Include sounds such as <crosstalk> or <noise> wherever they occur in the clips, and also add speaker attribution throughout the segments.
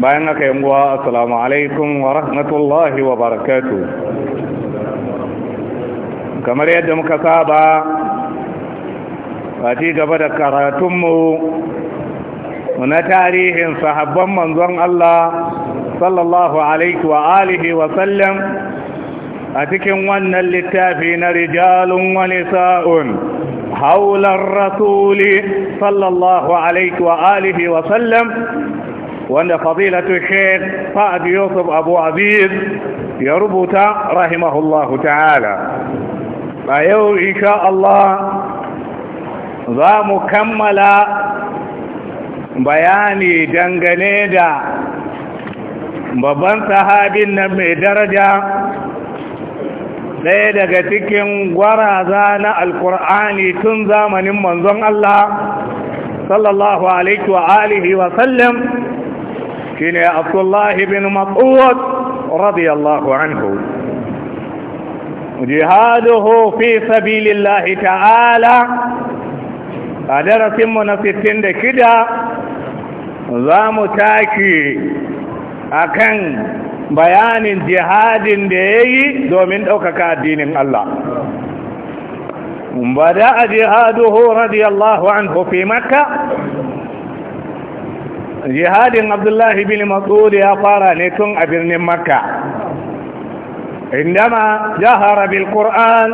Speaker 1: bayan aka yi nguwa assalamu alaikum wa rahmatullahi wa barakatu kamar yadda muka saba a ci gaba da karatunmu na tarihin sahabban manzon Allah sallallahu alaihi wa alihi wa sallam a cikin wannan littafi na rijalun wani sa'un haular rasuli sallallahu alaihi wa alihi wa sallam wanda fadilatu sheikh sa'ad yusuf abu ya rubuta rahimahullahu ta'ala a yau insha Allah za mu kammala bayani dangane da babban sahabin nan mai daraja ɗaya daga cikin gwaraza na alkur'ani tun zamanin manzon Allah sallallahu alaihi wa alihi wa sallam shine abdullahi bin mas'ud radiyallahu anhu jihaduhu fi sabilillahi ta'ala a darasinmu na sittin da kida za mu taki akan bayanin jihadin da ya yi domin ɗaukaka addinin Allah bada a jihaduhu radiyallahu anhu fi makka jihadin abdullahi bin matsud ya fara ne tun a birnin makka indama jahara bil qur'an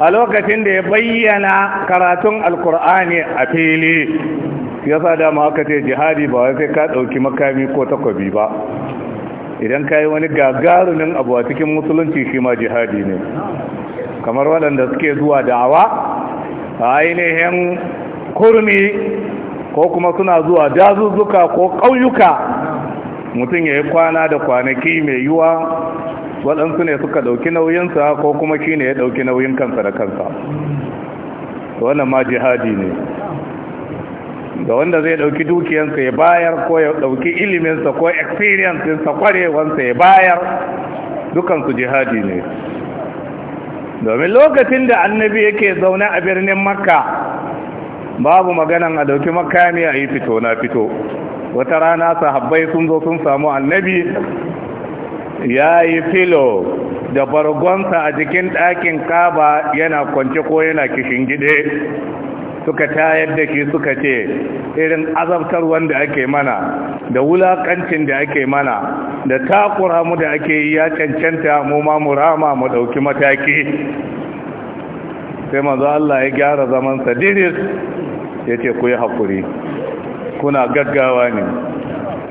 Speaker 1: a lokacin da ya bayyana karatun alkur'ani a fili ya sa dama aka ce jihadi ba wai sai ka ɗauki makami ko takwabi ba idan ka yi wani gagarumin abu a cikin musulunci shi ma jihadi ne kamar waɗanda suke zuwa da'awa a ainihin kurmi ko kuma suna zuwa dazuzzuka ko ƙauyuka mutum ya yi kwana da kwanaki mai yiwa waɗansu ne suka ɗauki nauyinsa ko kuma shi ne ya ɗauki nauyin kansa da kansa wannan ma jihadi ne da wanda zai ɗauki dukiyansa ya bayar ko ya ɗauki iliminsa ko experiencinsa kwarewansa ya bayar dukansu jihadi ne domin lokacin da annabi yake zaune a birnin makka babu maganan a dauki makami a yi fito na fito wata rana sahabbai sun zo sun samu annabi ya yi filo da bargonsa a jikin ɗakin kaba yana kwance ko yana kishin gide suka tayar da shi suka ce irin azabtar wanda ake mana da wulakancin da ake mana da takura mu da ake yi ya cancanta mu ma mu rama mu ɗauki mataki sai manzo Allah ya gyara zamansa diris ya ce ku yi haƙuri kuna gaggawa ne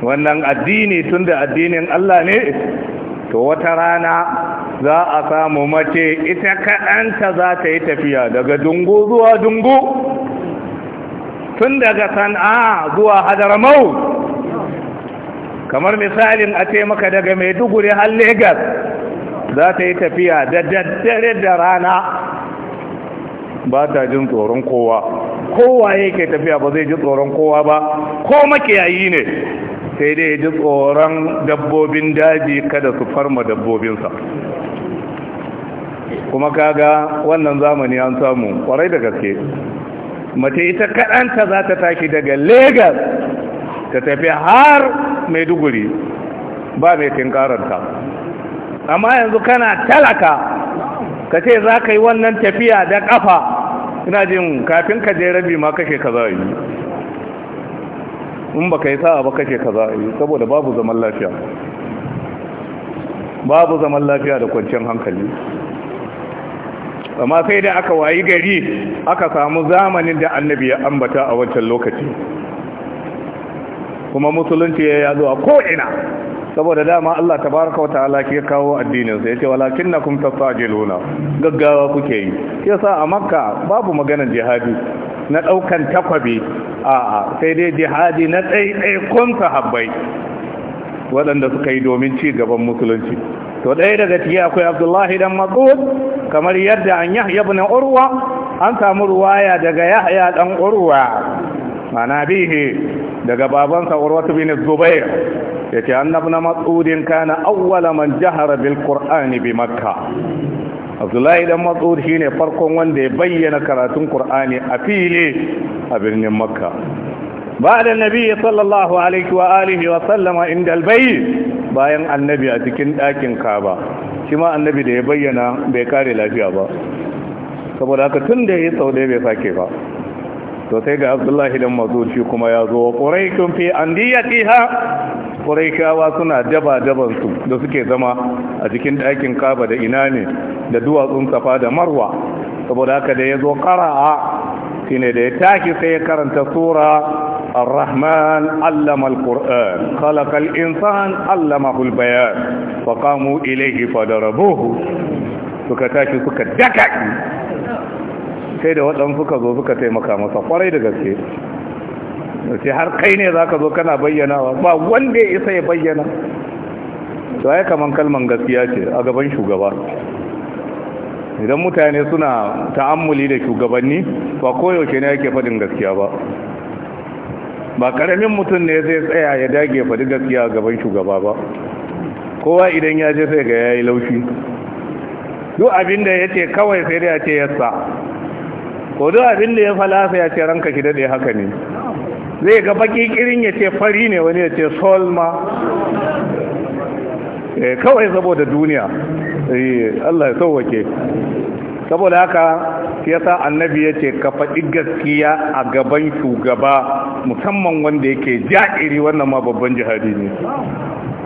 Speaker 1: wannan addini tun da addinin Allah ne to wata rana za a samu mace ita kaɗanta za ta yi tafiya daga dungu zuwa dungu tun daga san'a zuwa hadaramau kamar misalin a ce maka daga maiduguri har Legas za ta yi tafiya da daddare da rana ba ta jin tsoron kowa kowa ke tafiya ba zai ji tsoron kowa ba ko makiyayi ne sai dai ji tsoron dabbobin daji kada su farma dabbobinsa kuma kaga wannan zamani an samu kwarai da gaske mace ita kaɗanta za ta tashi daga Legas ta tafi har maiduguri ba mai tinkaranta amma yanzu kana talaka ka ce za ka yi wannan tafiya da ƙafa ina jin kafin ka je rabi ma kake ka za a yi in ba ka yi sa'a ba kake ka za a yi saboda babu zaman lafiya babu zaman lafiya da kwanciyar hankali amma sai da aka wayi gari aka samu zamanin da annabi ya ambata a wancan lokaci kuma musulunci ya yazo a ko'ina saboda dama Allah tabaraka wa ta'ala ke kawo addinin sa yace walakinnakum tasajiluna gaggawa kuke yi sa a makka babu maganar jihadi na daukan takwabi a'a sai dai jihadi na tsaitsai kun sahabbai waɗanda suka yi domin ci gaban musulunci to ɗaya daga ciki akwai abdullahi dan matsud kamar yadda an yahya ibn urwa an samu ruwaya daga yahya dan urwa ana bihi daga babansa urwatu bin zubair yace annabi na matsudin kana awwala man jahara bil qur'ani bi makka abdullahi dan matsud shine farkon wanda ya bayyana karatun qur'ani a fili a birnin makka sallallahu alaihi wa alihi wa sallama inda al bayt bayan annabi a cikin dakin kaaba shi ma annabi da ya bayyana bai kare lafiya ba saboda haka tun da ya sau da bai sake ba to sai ga abdullahi dan mas'ud shi kuma ya zo quraikun fi andiyatiha quraikawa suna daba daban da suke zama a cikin ɗakin kaba da ina ne da duwatsun safa da marwa saboda haka da ya zo qara'a shine da ya tashi sai ya karanta sura الرحمن علم القرآن خلق الإنسان علمه البيان فقاموا إليه فضربوه suka tashi suka daka sai da waɗansu ka zo suka taimaka masa kwarai da gaske sai har kai ne za ka zo kana bayyanawa ba wanda ya isa ya bayyana to ya kaman kalman gaskiya ce a gaban shugaba idan mutane suna ta'ammuli da shugabanni ba koyaushe ne yake faɗin gaskiya ba ba karamin mutum ne zai tsaya ya dage faɗi gaskiya a gaban shugaba ba kowa idan ya je sai ga yayi laushi duk abin da ya ce kawai sai da ya ce yassa ko duk abin da ya falasa ya ce ranka ki dade haka ne zai ga baki kirin ya ce fari ne wani ya ce solma eh, kawai saboda duniya eh, Allah ya sauwake saboda haka yasa annabi ya ce ka faɗi gaskiya a gaban shugaba musamman wanda yake ja'iri wannan ma babban jihadi ne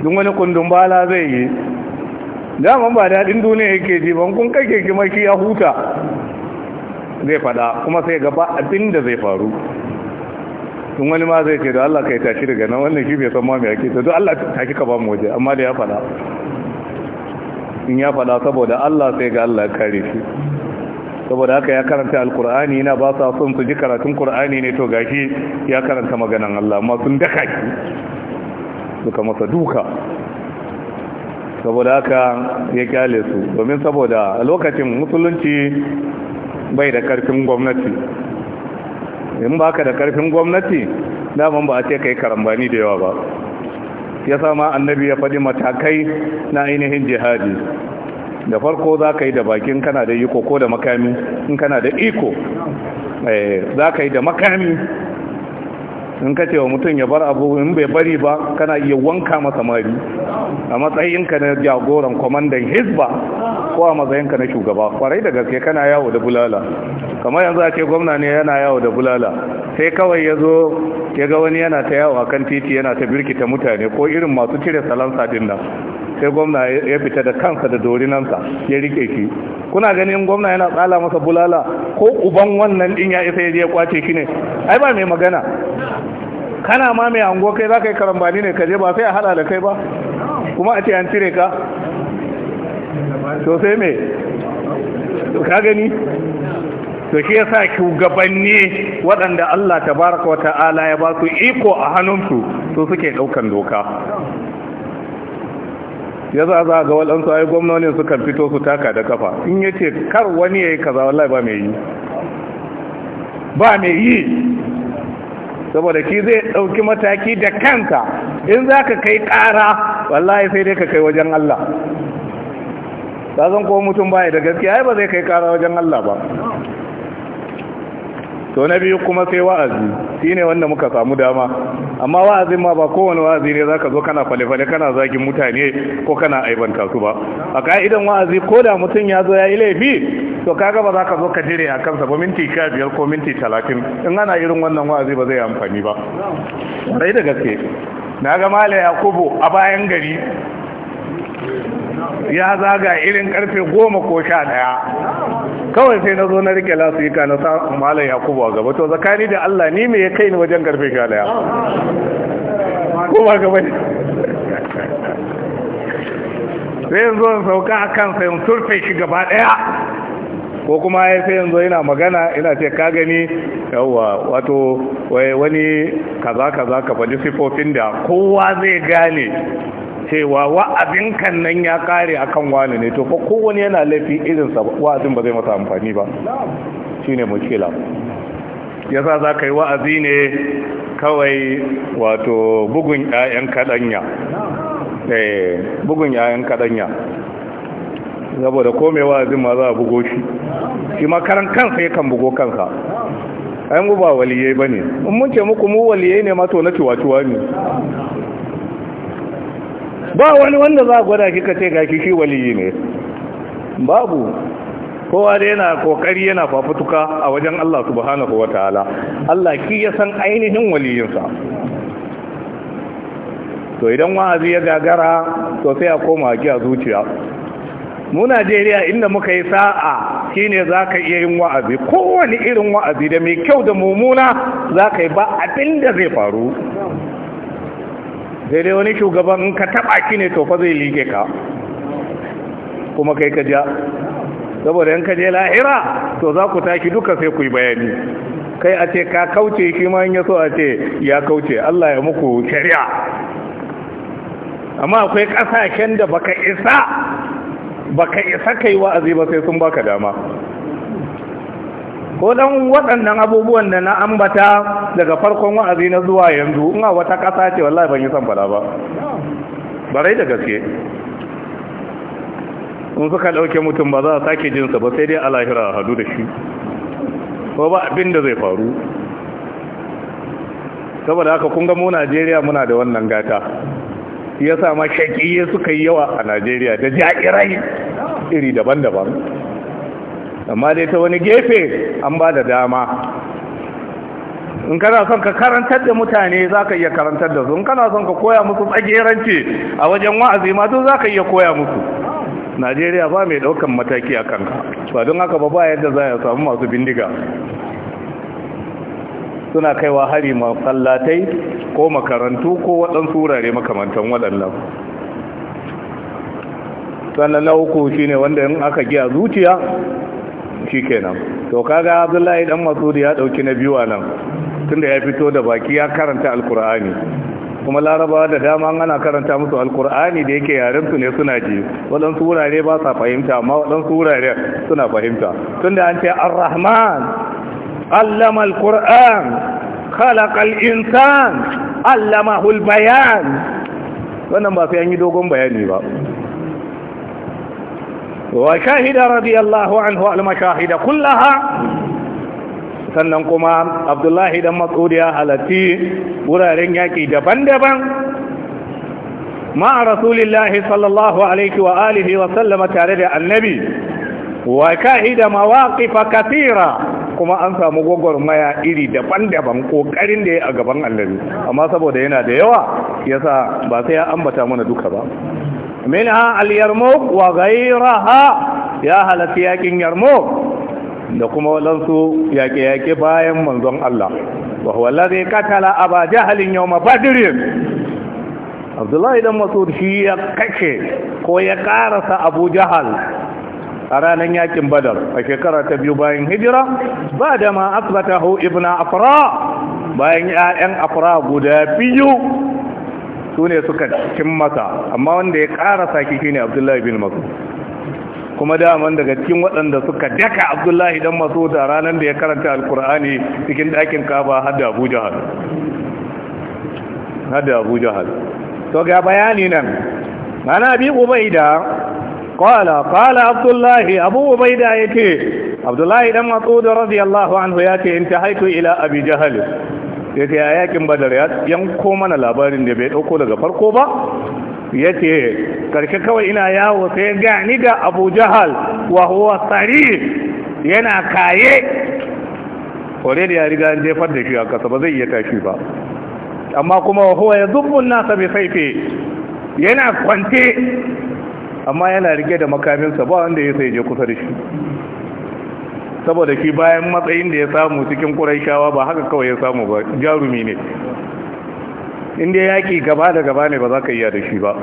Speaker 1: dun wani kundin bala zai yi daman ba daɗin duniya yake ji ban kun kake kima shi ya huta zai fada kuma sai gaba abin da zai faru tun wani ma zai ce da Allah ka yi tashi daga nan wannan shi bai san ma ake ta to duk Allah ta ka ba mu waje amma da ya fada in ya fada saboda Allah sai ga Allah kare shi saboda haka ya karanta alkur'ani yana ba sa son su ji karatun kur'ani ne to gashi ya karanta maganan Allah amma sun daka shi suka masa duka saboda haka ya kyale su domin saboda a lokacin musulunci bai da karfin gwamnati in ba ka da karfin gwamnati daman ba a ce kai karambani da yawa ba ya sama annabi ya faɗi matakai na ainihin jihadi da farko za ka yi da bakin kana da iko ko da makami in kana da iko eh, za ka yi da makami in ka ce wa mutum ya bar abu in bai bari ba kana iya wanka masa mari a matsayinka na jagoran kwamandan hisba ko a matsayinka na shugaba kwarai da gaske kana yawo da bulala kamar yanzu a ce gwamna ne yana yawo da bulala sai kawai ya zo ya ga wani yana ta yawo a kan titi yana ta birkita mutane ko irin masu cire salansa din nan sai gwamna ya fita da kansa da dorinansa ya rike shi kuna ganin gwamna yana tsala masa bulala ko uban wannan din ya isa ya je kwace shi ne ai ba mai magana kana ma mai ango kai za ka yi karambani ne ka je ba sai a hada da kai ba kuma a ce an cire ka to sai me ka gani to shi yasa shugabanni waɗanda Allah tabaraka wa ta'ala ya ba su iko a hannunsu su suke ɗaukan doka ya za za ga waɗansu ai gwamnonin su kan fito su taka da kafa in ya ce kar wani ya yi kaza wallahi ba mai yi ba mai yi saboda ki zai ɗauki mataki da kanka in za ka kai ƙara wallahi sai dai ka kai wajen Allah ta zan ko mutum baya da gaskiya ba zai kai ƙara wajen Allah ba to na biyu kuma sai wa'azi shine wanda muka samu dama amma wa'azin ma ba kowane wa'azi ne zaka zo kana fale-fale kana zagin mutane ko kana aibanta su ba a ka'idan wa'azi ko da mutum ya zo ya yi laifi to kaga ba za ka zo ka jire a kansa ba minti sha biyar ko minti talatin in ana irin wannan wa'azi ba zai amfani ba rai da gaske na ga mala yakubu a bayan gari ya zaga irin karfe goma ko sha daya kawai sai na zo na rike lasu yi ka na samun malam yakubu a gaba to zakani da allah ni me ya kai ni wajen garfe galaya ko gaba sai yanzu in sauka a kan sayan turfe shi gaba daya ko kuma ya sai yanzu yana magana ina ce ka gani yawwa wato wani kaza kaza ka faɗi sifofin da kowa zai gane cewa wa'azin kan nan ya kare akan wani ne to fa wani yana laifi irin wa'azin ba zai masa amfani ba Shi ne mushkila yasa za ka yi wa'azi ne kawai wato bugun 'ya'yan kaɗanya eh, bugun 'ya'yan kaɗanya saboda kome wa'azin ma za a bugo shi shi makaran kansa yakan bugo kansa ayan guba waliyai ba ne mun ce muku mu waliyai ne mato na ciwa-ciwa ne ba wani wanda za a gwada kika ce ga shi waliyi ne babu kowa da yana kokari yana fafutuka a wajen Allah subhanahu wa ta'ala Allah ki ya san ainihin waliyinsa to idan wa'azi ya gagara to sai a koma ki a zuciya mu Najeriya inda muka yi sa'a shine ka iya yin wa'azi kowane irin wa'azi da mai kyau da mummuna ka yi ba abin da zai faru sai dai wani shugaban in ka taba ki ne to fa zai like ka kuma kai ka ja saboda in ka je lahira to za ku tashi duka sai ku yi bayani kai a ce ka kauce shi ma in ya so a ce ya kauce Allah ya muku shari'a amma akwai kasashen da baka isa baka isa kai wa'azi ba sai sun baka dama ko dan waɗannan abubuwan da na ambata daga farkon wa'azi na zuwa yanzu ina wata ƙasa ce wallahi ban yi san fada ba barai da gaske in suka ɗauke mutum ba za a sake jinsa ba sai dai a lahira hadu da shi ko ba abin da zai faru saboda haka kun ga mu Najeriya muna da wannan gata ya sa ma shaƙiye suka yi yawa a Najeriya da ja'irai iri daban-daban amma dai ta wani gefe an ba da dama in kana son ka karantar da mutane za ka iya karantar da su in kana son ka koya musu tsageranci a wajen wa'azi ma duk za ka iya koya musu najeriya ba mai daukan mataki a kanka ba don haka ba ba yadda za a samu masu bindiga suna kaiwa hari masallatai ko makarantu ko waɗansu wurare makamantan waɗannan sannan na uku shine wanda in aka giya zuciya shi kenan to kaga abdullahi dan masud ya dauki na biyu nan tunda ya fito da baki ya karanta alqur'ani kuma laraba da dama ana karanta musu alkur'ani da yake yaren su ne suna ji waɗansu wurare ba sa fahimta amma waɗansu wurare suna fahimta tunda an ce arrahman allama alqur'an khalaqal insan allamahu albayan wannan ba sai an yi dogon bayani ba وشهد رضي الله عنه المشاهد كلها sannan kuma abdullahi dan matsudi ya halatti wuraren yaƙi daban-daban ma'a rasulillahi sallallahu alaihi wa alihi wa sallama tare da annabi wa kahida mawaqifa katira kuma an samu gwagwarmaya iri daban-daban kokarin da ya a gaban annabi amma saboda yana da yawa yasa ba sai ya ambata mana duka ba minha al-yarmouk wa ghayraha ya halarci yaƙin yarmouk da kuma walansu yaƙe-yaƙe bayan manzon Allah wa huwa alladhi qatala aba jahlin yawma badr Abdullahi dan Mas'ud shi ya kashe ko ya karasa Abu Jahal a ranar yaƙin Badar a shekara ta biyu bayan hijira ba da ma asbatahu ibn Afra bayan 'ya'yan Afra guda biyu su ne suka cikin masa amma wanda ya karasa ki shine abdullahi bin Masu. kuma daman daga cikin waɗanda suka daka abdullahi don masu da ranar da ya karanta alkur'ani cikin ɗakin kaba hada abuja Hada jahal har to ga bayani nan ana bi ubaida kwala-kwala abdullahi abu ubaida yake abdullahi masu masud radiyallahu anhu ta intahaitu ila abi jahal ya ce yakin badar ya yanko mana labarin da bai dauko daga farko ba ya ce karshe kawai ina yawo sai gani ga abu jahal wa huwa tsari yana kaye kore da ya riga an jefar da shi a kasa ba zai iya tashi ba amma kuma wa huwa ya zubun nasa bai saife yana kwance amma yana rike da makaminsa ba wanda ya sai je kusa da shi saboda shi bayan matsayin da ya samu cikin ƙuraishawa ba haka kawai ya samu ba jarumi ne inda yaƙi gaba da gaba ne ba za ka iya da shi ba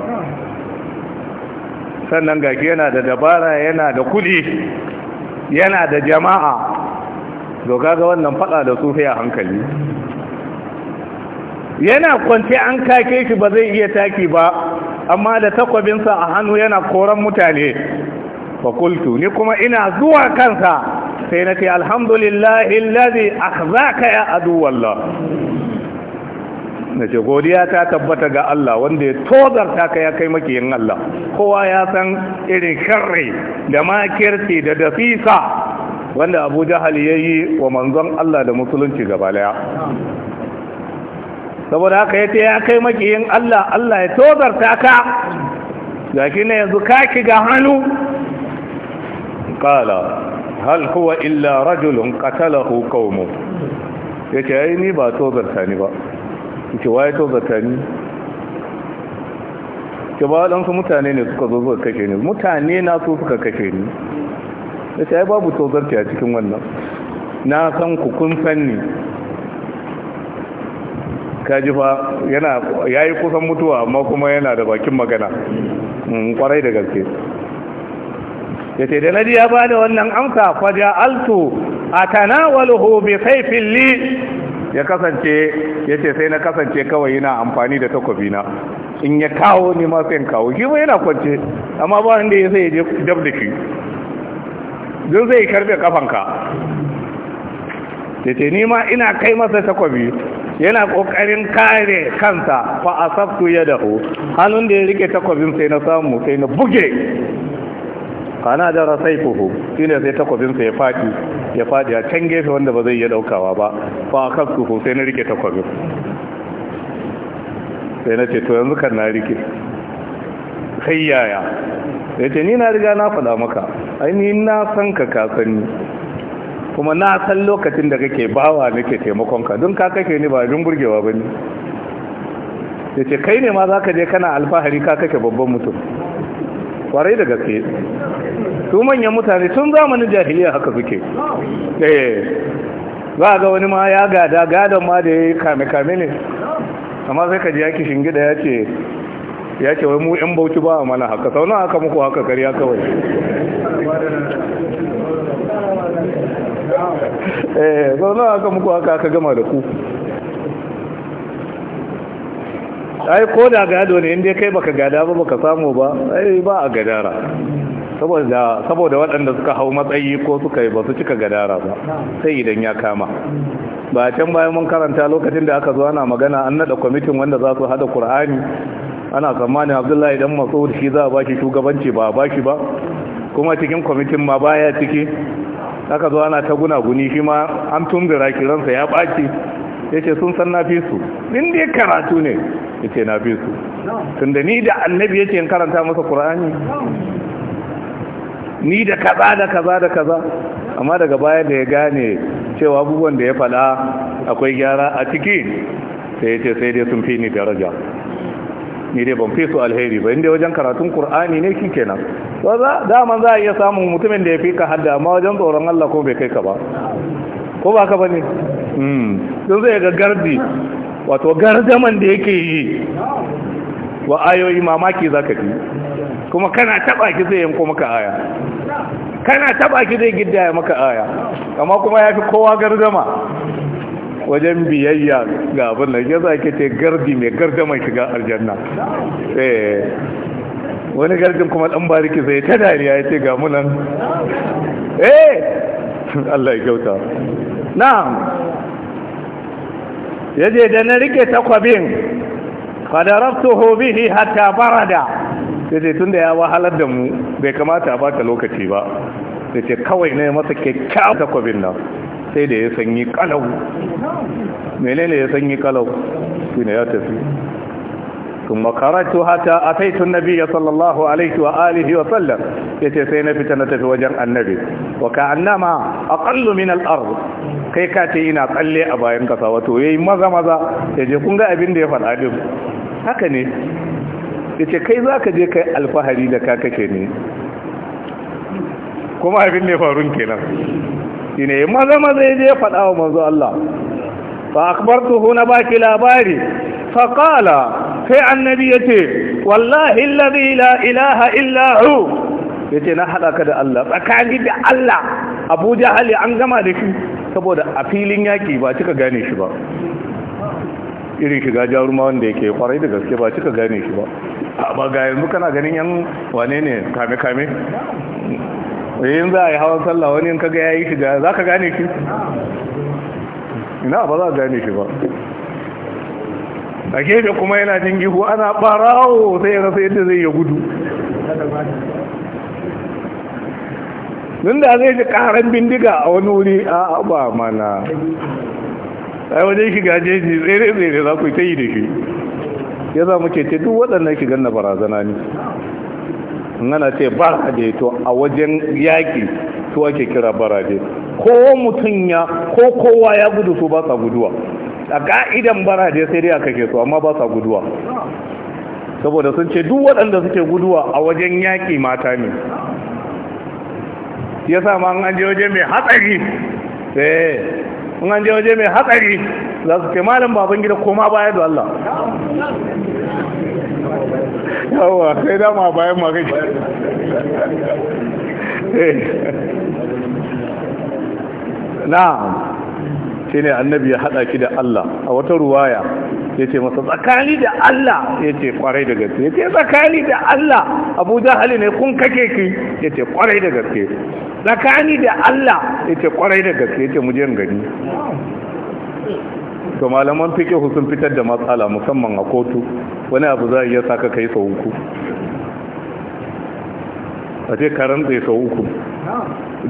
Speaker 1: sannan gashi yana da dabara yana da kuɗi yana da jama'a doka ga wannan faɗa da su a hankali yana kwanci an kake shi ba zai iya taki ba amma da takwabinsa a hannu yana koran mutane fakultu ni kuma ina zuwa kansa sai na ce alhamdulillah illazi akhzaka ya wallah na ce godiya ta tabbata ga Allah wanda ya tozarta ka ya kai makiyin Allah kowa ya san irin sharri da makirci da dafisa wanda abu jahal ya yi wa manzon Allah da musulunci gaba daya saboda haka ya ce ya kai makiyin Allah Allah ya tozarta ka ga shi ne yanzu ki ga hannu qala hal huwa illa rajulun qatalahu qaumu yace ai ni ba to zartani ba yace waye to zartani ke ba waɗansu su mutane ne suka zo suka kashe ni mutane na su suka kashe ni yace ai babu to a cikin wannan na san ku kun san ni kaji fa yana yayi kusan mutuwa amma kuma yana da bakin magana kwarai da gaske yace da nadi ya bada wannan amsa fa ja'altu atanawaluhu bi sayfin li ya kasance yace sai na kasance kawai yana amfani da takobi na in ya kawo ni ma sai kawo shi yana kwance amma ba wanda ya sai ya dab da don zai karbe kafanka yace ni ma ina kai masa takobi yana kokarin kare kansa fa asabtu yadahu hannun da ya rike takobin sai na samu sai na buge kana da kuhu shine sai takwabin sa ya fadi ya fadi a can gefe wanda ba zai iya daukawa ba fa kasuhu sai na rike takwabin sai na ce to yanzu kan na rike kai yaya ya ce ni na riga na faɗa maka ainihin na san ka kasanni kuma na san lokacin da kake bawa nake ka. don ka kake ni ba abin burgewa ba ne ya ce kai ne ma za ka je kana alfahari ka kake babban mutum kwarai da gaske su manyan mutane tun zamanin jahiliya haka suke eh. za ga wani ma ya gada gadon ma da ya yi kame-kame ne amma sai ka ji ya kishin gida ya ce ya ce wai mu yan bauchi ba mana haka sau haka muku haka karya kawai eh sau haka muku haka haka gama da ku ai ko da gado ne inda kai baka gada ba baka samu ba ai ba a gadara saboda saboda waɗanda suka hau matsayi ko suka yi ba su cika gadara ba sai idan ya kama ba can bayan mun karanta lokacin da aka zo ana magana an nada kwamitin wanda za su hada Kur'ani ana tsammanin Abdullahi dan Mas'ud shi za a bashi shugabanci ba a bashi ba kuma cikin kwamitin ma baya ciki aka zo ana ta guni shi ma an tumbira kiransa ya baki ya ce sun san na fi su din da karatu ne ya ce na su tun da ni da annabi ya ce karanta masa ƙura'ani ni da kaza da kaza da kaza amma daga baya da ya gane cewa abubuwan da ya fada akwai gyara a ciki sai ya ce sai dai sun fi ni daraja ni dai ban fi su alheri ba inda wajen karatun Kur'ani ne shi kenan dama za a iya samun mutumin da ya fi ka hadda amma wajen tsoron Allah ko bai kai ka ba ko ba ka ba ne don hmm. zai ga gardi wato gardaman da yake yi wa ayoyi mamaki za ka fi kuma kana taba ki zai yanko maka aya kana taba ki zai gida ya maka aya amma kuma ya fi kowa gardama wajen biyayya ga abin da ya za ke ce gardi mai gardaman shiga aljanna eh. wani gardin kuma dan bariki zai ta dariya ya ce ga munan eh <laughs> Allah ya kyauta na'am yaje da na rike takwabin qadarabtuhu bihi hatta barada yaje tunda ya wahalar da mu bai kamata ba ta lokaci ba yace kawai ne masa kyakkyawa takwabin nan sai da ya sanyi kalau menene ya sanyi kalau shine ya tafi ثم خرجت حتى أتيت النبي صلى sai na fita na tafi wajen annabi. وجه النبي وكأنما أقل من الأرض kai ka ce ina tsalle a bayan kasa wato yayi maza maza ya je kun ga abin da ya faɗa din haka ne yace kai zaka je kai alfahari da ka kake ne kuma abin da ya faru kenan shine maza maza ya je faɗa wa manzo Allah fa akhbartuhu na baki labari faƙala sai annabi ya ce wallahi lari la ilaha illahu ya ce na haɗaka da Allah tsakani da Allah abuja hali an gama da shi saboda a filin yaƙi ba cika gane shi ba irin shiga jaruma wanda yake kwarai da gaske ba cika gane shi ba ba ga yanzu kana ganin yan wane ne kame-kame yin za a yi hawan sallah wani yanka kaga ya yi shiga za ka gane shi ina ba za a gane shi ba a gefe kuma yana jin gihu ana barawo sai ya rasa yadda zai ya gudu da zai ji karan bindiga a wani wuri a ba mana ai wajen gaje shi tsere tsere za ku ta yi da shi ya za mu ce duk waɗannan shigan ganna barazana ne nana ce barade to a wajen yaƙi to ake kira barade ko mutum ya ko kowa ya gudu su ba sa guduwa a ka'idan bara dai sai dai aka ke so amma ba sa guduwa saboda sun ce duk waɗanda suke guduwa a wajen yaƙi mata ne ya sa ma an je waje mai hatsari sai eh, an je waje mai hatsari za su ke malam babin gida koma baya da Allah yawa sai dama
Speaker 2: bayan magaji eh.
Speaker 1: na'am sai ne annabi ya hada ki da Allah a wata ruwaya yace masa tsakani da Allah yace kwarai da gaske yace tsakani da Allah Abu jahali ne kun kake ki yace kwarai da gaske tsakani da Allah yace kwarai da gaske yace mu je gani to malaman fike sun fitar da matsala musamman a kotu wani abu za a iya saka kai sau uku a ce karan zai sau uku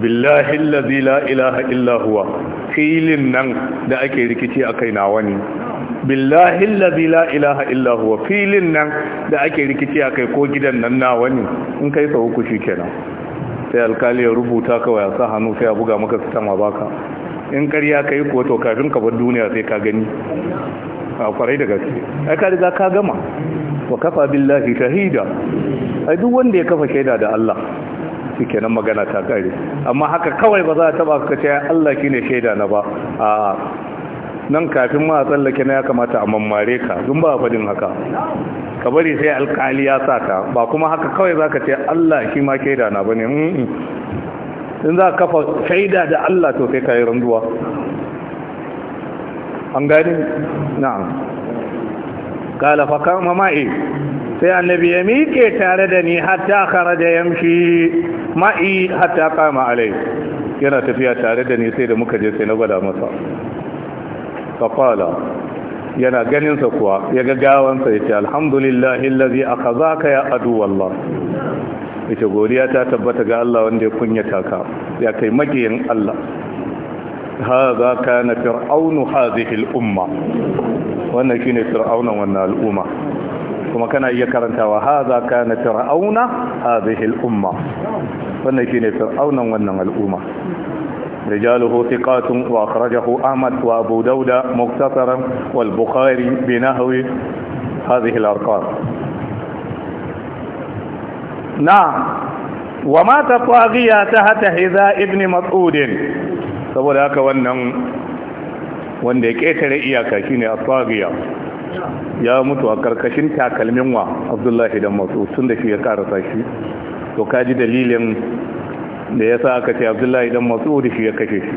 Speaker 1: billahi allazi la ilaha illa filin nan da ake rikici a kai nawa ne billahi allazi la ilaha illa filin nan da ake rikici a kai ko gidan nan nawa ne in kai sa hukushi kenan sai alkali ya rubuta kawai a sa hannu sai a buga maka sitama baka in karya kai ko to kafin ka bar duniya sai ka gani a kwarai da gaske ai ka riga ka gama wa kafa billahi shahida ai duk wanda ya kafa shaida da Allah shi kenan magana ta kare amma haka kawai ba za a taba ka ce Allah shine shaida na ba a nan kafin ma a tsallake na ya kamata a mammare ka dun ba fadin haka ka bari sai alkali ya sa ka ba kuma haka kawai za ka ce Allah shi ma shaida na ba ne in za ka kafa shaida da Allah to sai kai randuwa an gani na'am kala fa kama ma'i sai annabi ya miƙe tare da ni hatta kharaja yamshi ma'i hatta qama alai yana tafiya tare da ni sai da muka je sai na gwada masa faqala yana ganin sa kuwa ya ga gawan sa yace alhamdulillahi allazi akhazaka ya adu wallah yace godiya ta tabbata ga Allah wanda ya kunyata ka ya kai magiyin Allah هذا كان فرعون هذه الأمة وأنا كنت فرعون وأنا الأمة kuma kana iya karantawa haza kana fir'auna hadhihi al-umma wannan shine fir'aunan wannan al'umma رجاله ثقات وأخرجه أحمد وأبو داود مختصرا والبخاري بنحو هذه الأرقام نعم ومات طاغية تحت حذاء ابن مسعود saboda haka wannan wanda ya ƙetare iyaka shine at ya mutu a karkashin takalmin wa abdullahi da masu tun da shi ya karasa shi to kaji dalilin da ya sa aka ce abdullahi masu mas'ud shi ya kashe shi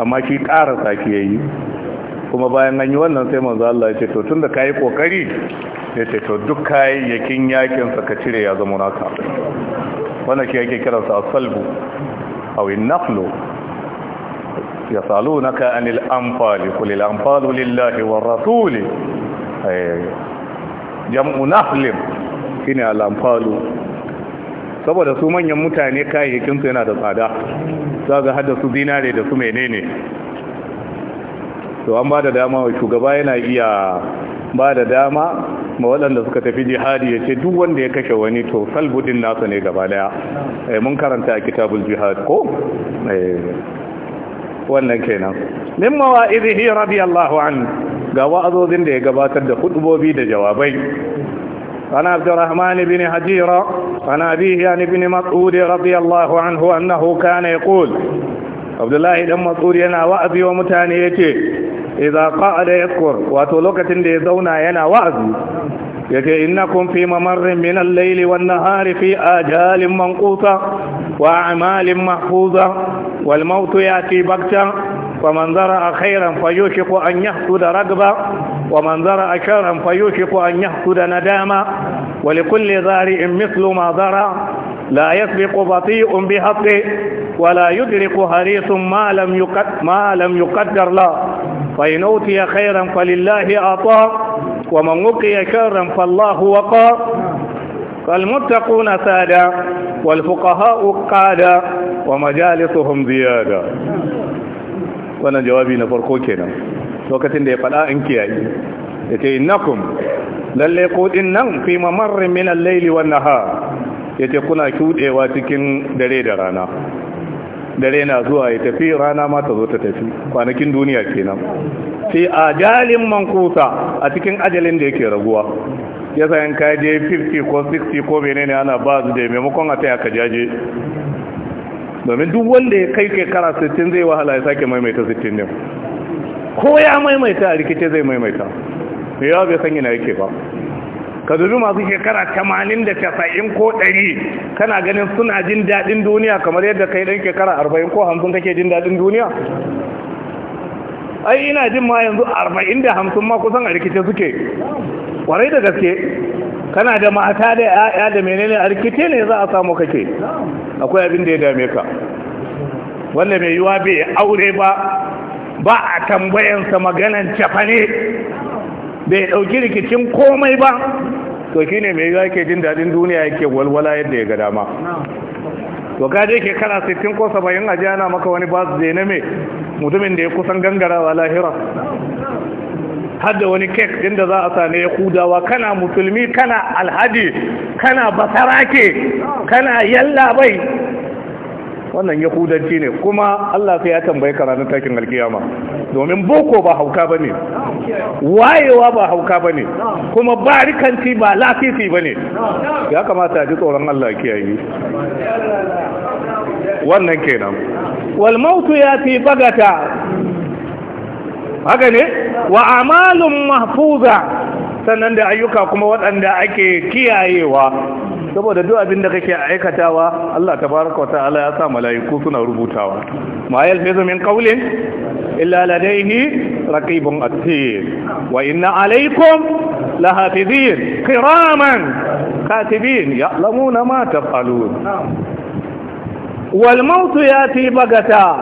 Speaker 1: amma shi karasa shi yi. kuma bayan an yi wannan sai manzo Allah ya ce to tunda kai kokari ya ce to duk kayayyakin yakin ka cire ya zama naka wannan shi yake kira sa salbu aw an-naqlu yasalunaka anil anfal qul anfalu lillahi war rasuli Eh, jam'u nahlin shine al'amfalu saboda su manyan mutane kayayyakin su yana da tsada za ga hada su zinare da su menene to an ba da dama wa shugaba yana iya ba da dama ma waɗanda suka tafi jihadi ya ce duk wanda ya kashe wani to salbudin nasa ne gaba daya eh, mun karanta a kitabul jihad ko eh, wannan kenan min mawa'izihi radiyallahu anhu ga wa'azozin da ya gabatar da hudubobi da jawabai عن عبد الرحمن بن حجيرة عن أبيه عن ابن مسعود رضي الله عنه أنه كان يقول عبد الله بن مسعود ينا وأبي ومتانيتي إذا قعد يذكر وتلوكة ليزونا ينا وأبي يتي إنكم في ممر من الليل والنهار في آجال منقوصة وأعمال محفوظة والموت يأتي بكتا ومن زرع خيرا فيوشك أن يحسد رقبة ومن زرع شرا فيوشك أن يحسد نداما ولكل زارع مثل ما زرع لا يسبق بطيء بحق ولا يدرك هريث ما لم يقدر, ما لم يقدر له فإن أوتي خيرا فلله أعطى ومن وقي شرا فالله وقى na فالمتقون سادا والفقهاء قادا ومجالسهم زيادا wannan jawabi na farko kenan lokacin da ya fada in kiyaye yace innakum lalle ku dinnan fi mamarrin min al-layli wan nahar yace kuna kudewa cikin dare da rana dare na zuwa ya tafi rana ma ta zo ta tafi kwanakin duniya kenan sai ajalin mankusa a cikin ajalin da yake raguwa ya sa yin kaje 50 ko 60 ko bene ne ana ba su da maimakon a taya ka jaje domin duk wanda ya kai kai kara 60 zai wahala ya sake maimaita 60 ne ko ya maimaita a rikice zai maimaita mai yawa bai san yana yake ba ka zubi masu shekara 80 da 90 ko 100 kana ganin suna jin daɗin duniya kamar yadda kai ɗan shekara 40 ko 50 kake jin daɗin duniya ai ina jin ma yanzu 40 da 50 ma kusan a rikice suke kwarai da gaske kana da mata da ya'ya da menene a rikice ne za a samu kake akwai abin da ya dame ka wanda mai yiwa bai aure ba ba a tambayansa maganan ne bai ɗauki rikicin komai ba to shi ne mai yiwuwa ke jin daɗin duniya yake walwala yadda ya ga dama to kaje ke kana sittin ko saba'in a jana maka wani ba zai na mai mutumin da ya kusan gangarawa lahira har wani kek din da za a sani ya kudawa kana musulmi kana alhaji kana basarake kana Yallabai. bai wannan yahudanci ne kuma Allah sai ya tambayi ka ranar takin alkiyama domin boko ba hauka bane wayewa ba hauka bane kuma barikanci ba lafifi bane ya kamata ji tsoron Allah kiyaye wannan kenan wal mautu ya fi bagata haka ne wa amalun mahfuza sannan da ayyuka kuma waɗanda ake kiyayewa saboda duk abin da kake aikatawa Allah tabaraka wataala ya sa malaiku suna rubutawa ma yalfizu min qawlin illa ladayhi raqibun atid wa inna alaykum lahafizin kiraman katibin ya'lamuna ma taf'alun Walmautu ya fi bagata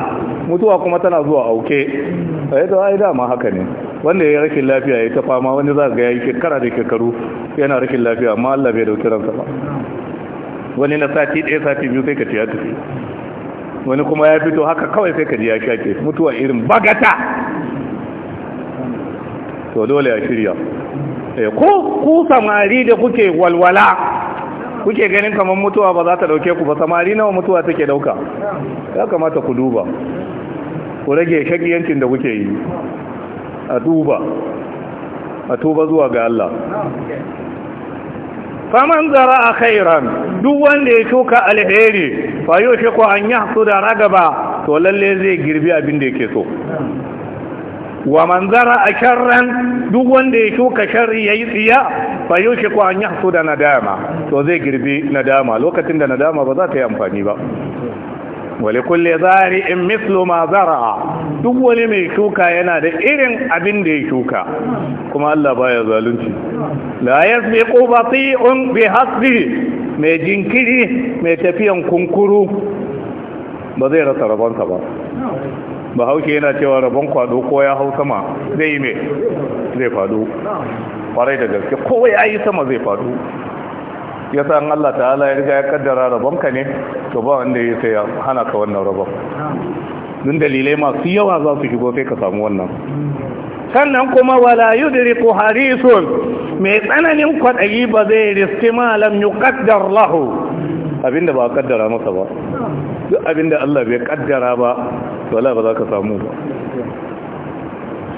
Speaker 1: mutuwa kuma tana zuwa auke a eh, yi ai dama haka ne wanda ya yi rashin lafiya ya ta fama wani za ga yi shekara da shekaru yana rashin lafiya amma Allah bai dauki ransa ba wani na sati ɗaya sati biyu sai ka ci ya tafi wani kuma ya fito haka kawai sai ka ji ya shake mutuwa irin bagata to dole ya shirya eh, ko ku samari da kuke walwala kuke ganin kamar mutuwa ba za ta dauke ku ba samari nawa mutuwa take dauka ya kamata ku duba ku rage shagiyancin da kuke yi a duba a tuba zuwa ga Allah faman zara a khairan duk wanda ya shuka alheri fa yau shi ko an yahsu da ragaba to lalle zai girbi abin da yake so wa man zara sharran duk wanda ya shuka sharri yayi tsiya fa ko an da nadama to zai girbi nadama lokacin da nadama ba za ta yi amfani ba wale kulle zari in mislu ma zara duk wani mai shuka yana da irin abin da ya shuka kuma Allah baya zalunci la yasbiqu bati'un bi hasbi mai jinkiri mai tafiyan kunkuru ba zai rasa rabonsa ba bahaushe yana cewa rabon kwado ko ya hau sama zai yi mai zai fado kwarai da gaske ko ya yi sama zai fado ya an Allah ta'ala ya riga ya kaddara rabonka ne to ba wanda ya sai hana ka wannan rabon dun dalilai masu yawa za su shigo sai ka samu wannan sannan kuma wala yudriku harisun mai tsananin kwaɗayi ba zai riski malam kaddar lahu abinda ba a kaddara masa ba duk abin da Allah bai kaddara ba wala ba za ka samu ba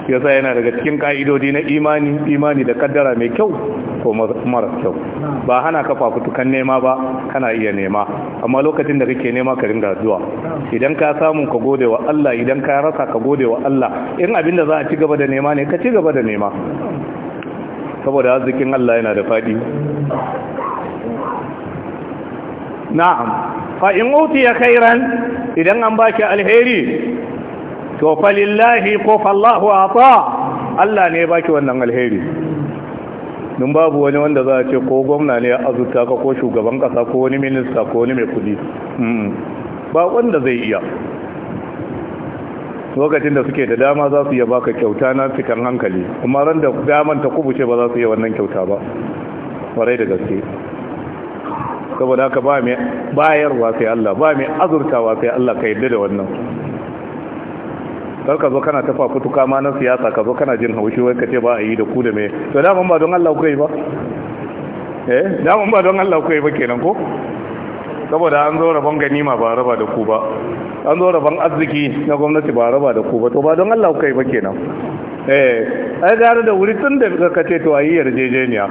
Speaker 1: yasa yana daga cikin ka'idodi na imani imani da kaddara mai kyau ko mara kyau ba hana ka fafutukan nema ba kana iya nema amma lokacin da kake nema ka ringa zuwa idan ka samu ka gode wa Allah idan ka rasa ka gode wa Allah in abin da za a ci gaba da nema ne ka ci gaba da nema saboda arzikin Allah yana da faɗi. na'am fa in kai ran idan an ba ki alheri to falillahi ko fallahu ata Allah ne baki wannan alheri dun babu wani wanda za a ce ko gwamna ne azurta ka ko shugaban kasa ko wani minista ko wani mai kudi ba wanda zai iya lokacin da suke da dama za su iya baka kyauta na fitan hankali kuma ran da daman ta kubuce ba za su iya wannan kyauta ba warai da gaske saboda haka ba mai bayarwa sai Allah ba mai azurtawa sai Allah ka yadda da wannan kar ka zo kana tafa fituka ma na siyasa ka zo kana jin haushi wai ka ce ba a yi da ku da me to da ba don Allah ku yi ba eh da ba don Allah ku yi ba kenan ko saboda an zo rabon ganima ba raba da ku ba an zo rabon arziki na gwamnati ba raba da ku ba to ba don Allah kai ba kenan eh ai gara da wuri tun da ka ce to ayi yarjejeniya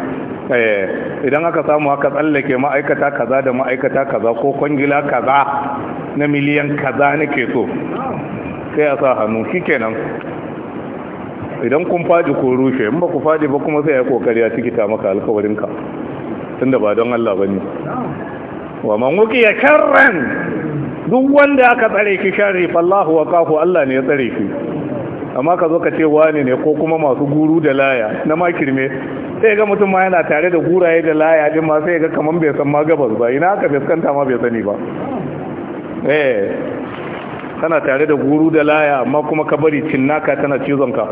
Speaker 1: eh idan aka samu aka tsallake ma'aikata kaza da ma'aikata kaza ko kwangila kaza na miliyan kaza nake so sai a sa hannu shikenan idan kun faɗi ko rushe in ba ku faɗi ba kuma sai yi kokari a cikita maka alkawarinka tunda ba don Allah ba ne wa man wukiya karran duk wanda aka tsare shi sharri fallahu waqahu Allah ne ya tsare shi amma ka zo ka ce wani ne ko kuma masu guru da laya na makirme sai ga mutum ma yana tare da guraye da laya din ma sai ga kaman bai san ma gabas ba ina aka fiskanta ma bai sani ba eh kana tare da guru da laya amma kuma ka bari cinnaka tana cizon ka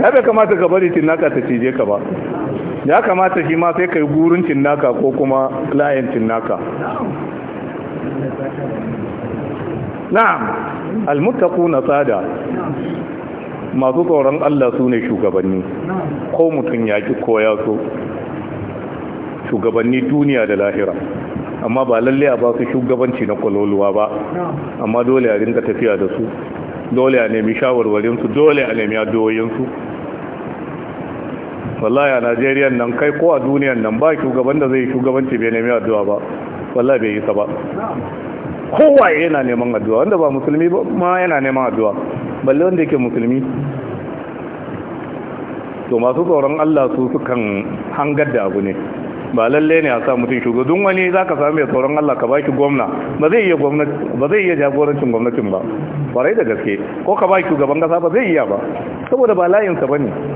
Speaker 1: Na bai kamata ka bari cinnaka ta cije ka ba ya kamata shi ma sai kai guruncin naka ko kuma layancin naka na'am almuttaquna sada masu tsoron Allah su ne shugabanni ko mutum ya ki koya so shugabanni duniya da lahira amma ba lalle a ba su shugabanci na kwaloluwa ba amma dole a rinka tafiya da su dole a nemi shawarwarinsu dole a nemi adoyinsu wallahi a najeriya nan kai ko a duniyan nan ba shugaban da zai shugabanci bai nemi addu'a ba wallahi bai isa ba kowa yana neman addu'a wanda ba musulmi ba ma yana neman addu'a balle wanda yake musulmi to masu tsoron Allah su sukan hangar da abu ne ba lalle ne a sa mutum shugaban wani za ka sami mai tsoron Allah ka baki gwamna ba zai iya gwamnati ba zai iya jagorancin gwamnatin ba kwarai da gaske ko ka baki shugaban kasa ba zai iya ba saboda ba layinsa ba ne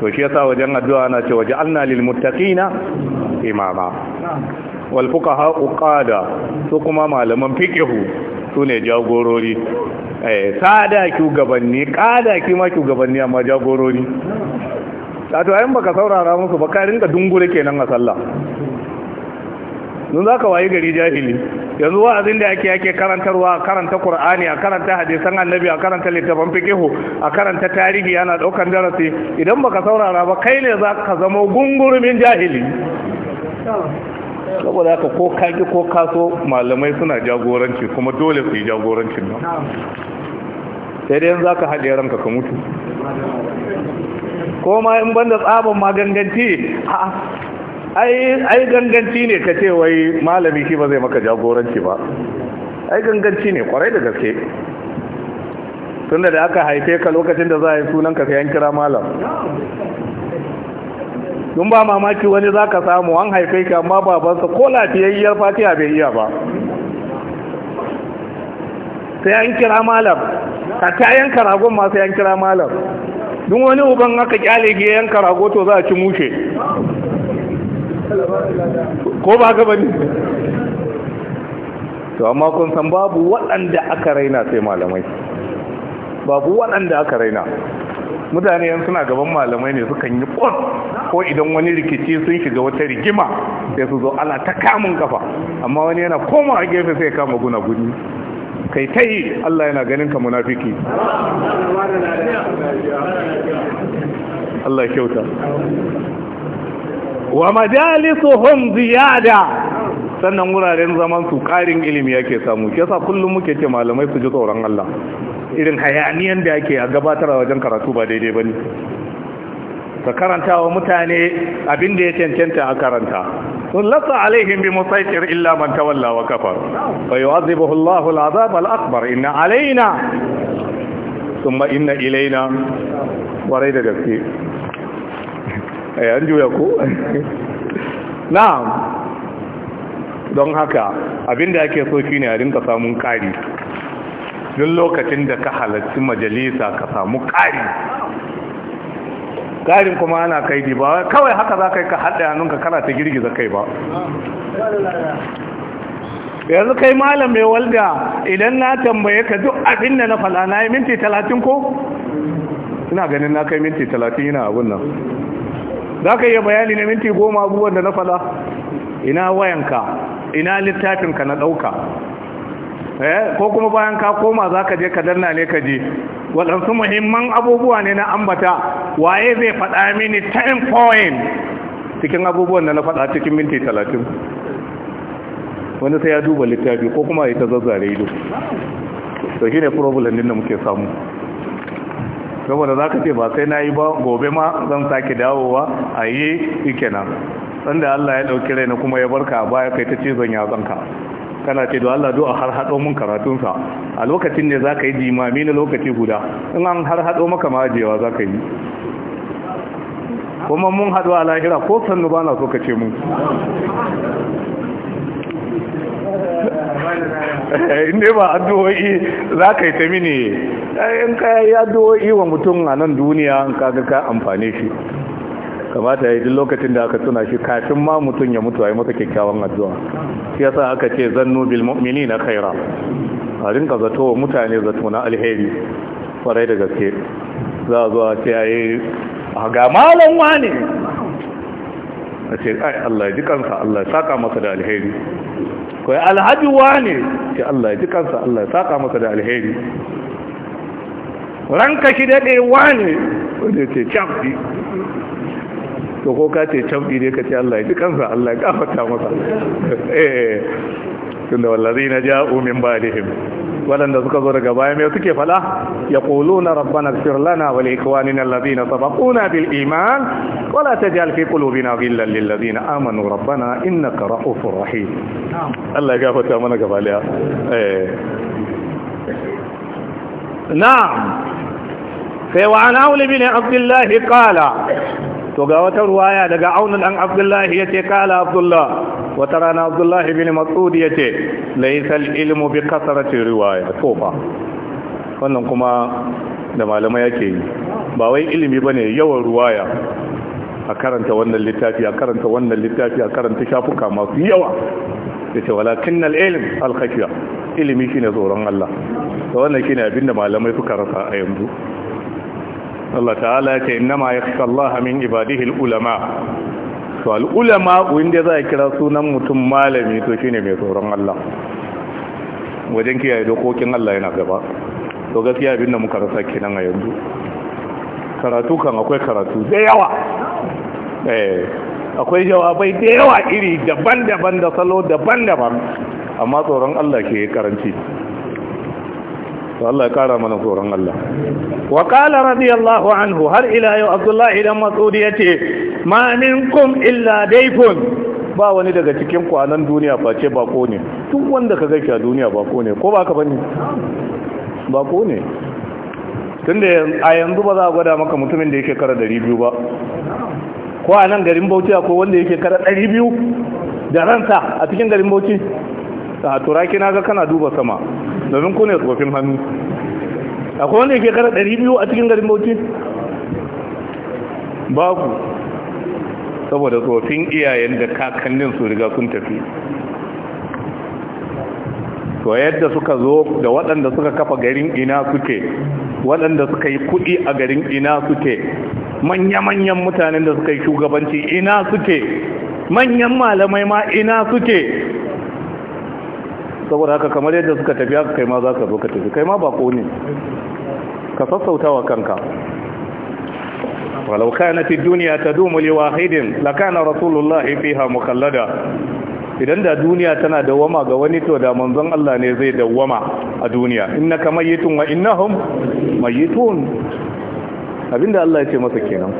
Speaker 1: to shi yasa wajen addu'a ana cewa ja'alna lil muttaqina imama wal fuqaha uqada su kuma malaman fiqhu sune jagorori eh sada shugabanni kada ki ma shugabanni amma jagorori wato ayin baka saurara musu baka rinka dungure kenan a sallah mun zaka wayi gari jahili yanzu wa'azin da ake ake karantarwa a karanta qur'ani a karanta hadisan annabi a karanta littafin fiqhu a karanta tarihi ana daukan darasi idan baka saurara ba kai ne za ka zama gungurumin jahili saboda haka ko ki ko kaso malamai suna jagoranci kuma dole su yi jagorancin nan sai dai za ka haɗe ranka ka mutu ko ma in banda tsaban maganganci ai ganganci ne ka ce wai malami shi ba zai maka jagoranci ba ai ganganci ne kwarai da gaske tunda da aka haife ka lokacin da za a yi sunanka sai sayan kira malam tun ba mamaki wani za ka samu an haife ka amma babansa ko lafiyayyar fatiha bai iya ba sai kira malam ka ta yanka ragon masu yankira malam duk wani uban aka kyale giya yanka rago to za a ci mushe ko ba ga bane to amma kun san babu waɗanda aka raina sai malamai babu waɗanda aka raina mutane yan suna gaban malamai ne sukan yi kon ko idan wani rikici sun shiga wata rigima sai su zo ala ta kamun kafa amma wani yana koma a gefe sai kama guna guni kai ta yi Allah yana ganin ka munafiki Allah kyauta wa majalisuhum ziyada sannan wuraren zaman su karin ilimi yake samu ke sa kullum muke ce malamai su ji tsoron Allah irin hayaniyan da yake a gabatar a wajen karatu ba daidai bane ka karanta wa mutane abin da ya cancanta a karanta sullasa alaihim bi musaitir illa man tawalla wa kafar fa yu'adhibuhu Allahu al-'adhab akbar inna alaina thumma inna ilaina warai da gaske Eh, an juya ko na'am don haka abinda ake so shine a rinka samun kari duk lokacin da ka halarci majalisa ka samu kari karin kuma ana kai ba kawai haka za ka yi ka haɗe hannunka kana ta girgiza kai ba yanzu kai malam mai walda idan na tambaye ka duk abin da na fala na yi minti talatin ko ina ganin na kai minti talatin yana abun nan za ka iya bayani na minti goma abubuwan da na fada ina wayanka ina littafinka na ɗauka eh, ko kuma bayan ka koma za ka je ka danna ne ka je waɗansu muhimman abubuwa ne na ambata waye zai faɗa mini 10 point cikin abubuwan da na faɗa cikin minti talatin wani sai ya duba littafi ko kuma ya ta zazzare ido to shine problem din da muke samu saboda za ka ce ba sai na yi ba gobe ma zan sake dawowa a yi kenan sanda Allah ya ɗauki raina kuma ya barka baya kai ta ce zan yi yatsanka kana ce da Allah du'a har haɗo mun karatunsa a lokacin ne za ka yi jimami na lokaci guda in an har haɗo maka majewa za ka yi kuma mun haɗu a lahira ko sannu ba na so ka ce mun <laughs> eh, inda ba addu'o'i za ka yi ta mini Ɗayan ka ya do'i wa mutum a nan duniya an kaga ka amfane shi kamata ya yi lokacin da aka tuna shi kafin ma mutum ya mutu a yi masa kyakkyawan addu'a shi yasa aka ce zan nubil mu'mini na kaira. a rinka zato wa mutane zato na alheri kwarai da gaske za a zuwa ce a yi ga malon wani a ce ai Allah ya ji kansa Allah ya saka masa da alheri kawai alhaji wane ce Allah ya ji kansa Allah ya saka masa da alheri ranka shi daɗewa ne wanda ce cafi to ko ka ce cafi ne ka ce Allah ya ji kansa Allah ya gafarta masa eh tunda wallazina ja'u min ba'dihim waɗanda suka zo daga baya mai suke faɗa ya ƙulu na rabbana fir lana wal ikwanina alladhina sabaquna bil iman wala taj'al fi qulubina ghillan lil ladina amanu rabbana innaka ra'ufur rahim Allah ya gafarta mana gaba daya eh na'am sai wa an auli bin abdullahi kala to ga wata ruwaya daga aunin an abdullahi ya ce kala abdullah wata rana abdullahi bin matsud ya ce laisal ilmu bi kasarati riwaya to ba wannan kuma da malamai yake yi ba wai ilimi bane yawan ruwaya a karanta wannan littafi a karanta wannan littafi a karanta shafuka masu yawa ya ce walakin al'ilim alkhafiya ilimi shine tsoron Allah to wannan shine abinda malamai suka rasa a yanzu Allah ta'ala ya ce innama yakhshallaha min ibadihi al-ulama to al-ulama wanda za a kira sunan mutum malami to shine mai tsoron Allah wajen kiyaye dokokin Allah yana gaba to gaskiya abin da muka rasa kenan a yanzu karatu kan akwai karatu da yawa eh akwai jawabai da yawa iri daban-daban da salo daban-daban amma tsoron Allah ke karanci to Allah ya kara mana tsoron Allah wa qala radiyallahu anhu har ila yau Abdullahi dan Mas'ud yace ma minkum illa dayfun ba wani daga cikin kwanan duniya face bako ne duk wanda ka gaike a duniya bako ne ko ba ka bane bako ne tunda a yanzu ba za a gwada maka mutumin da yake kara 200 ba ko a nan garin Bauchi ko wanda yake kara 200 da ransa a cikin garin Bauchi Ta turaki kina ga kana duba sama domin kone ne tsofin hannu akwai wanda yake kara 200 a cikin garin bauchi babu saboda tsofin iyayen da kakannin su riga sun tafi to yadda suka zo da waɗanda suka kafa garin ina suke waɗanda suka yi kuɗi a garin ina suke manya-manyan mutanen da suka yi shugabanci ina suke manyan malamai ma ina suke saboda haka kamar yadda suka tafi haka kai ma za ka zo ka tafi kai ma bako ne ka sassauta wa kanka walau kana fi duniya ta dumu li wahidin la kana rasulullahi fiha mukhallada idan da duniya tana dawwama ga wani to da manzon Allah ne zai dawwama a duniya innaka mayyitun wa innahum mayyitun abinda Allah ya ce masa kenan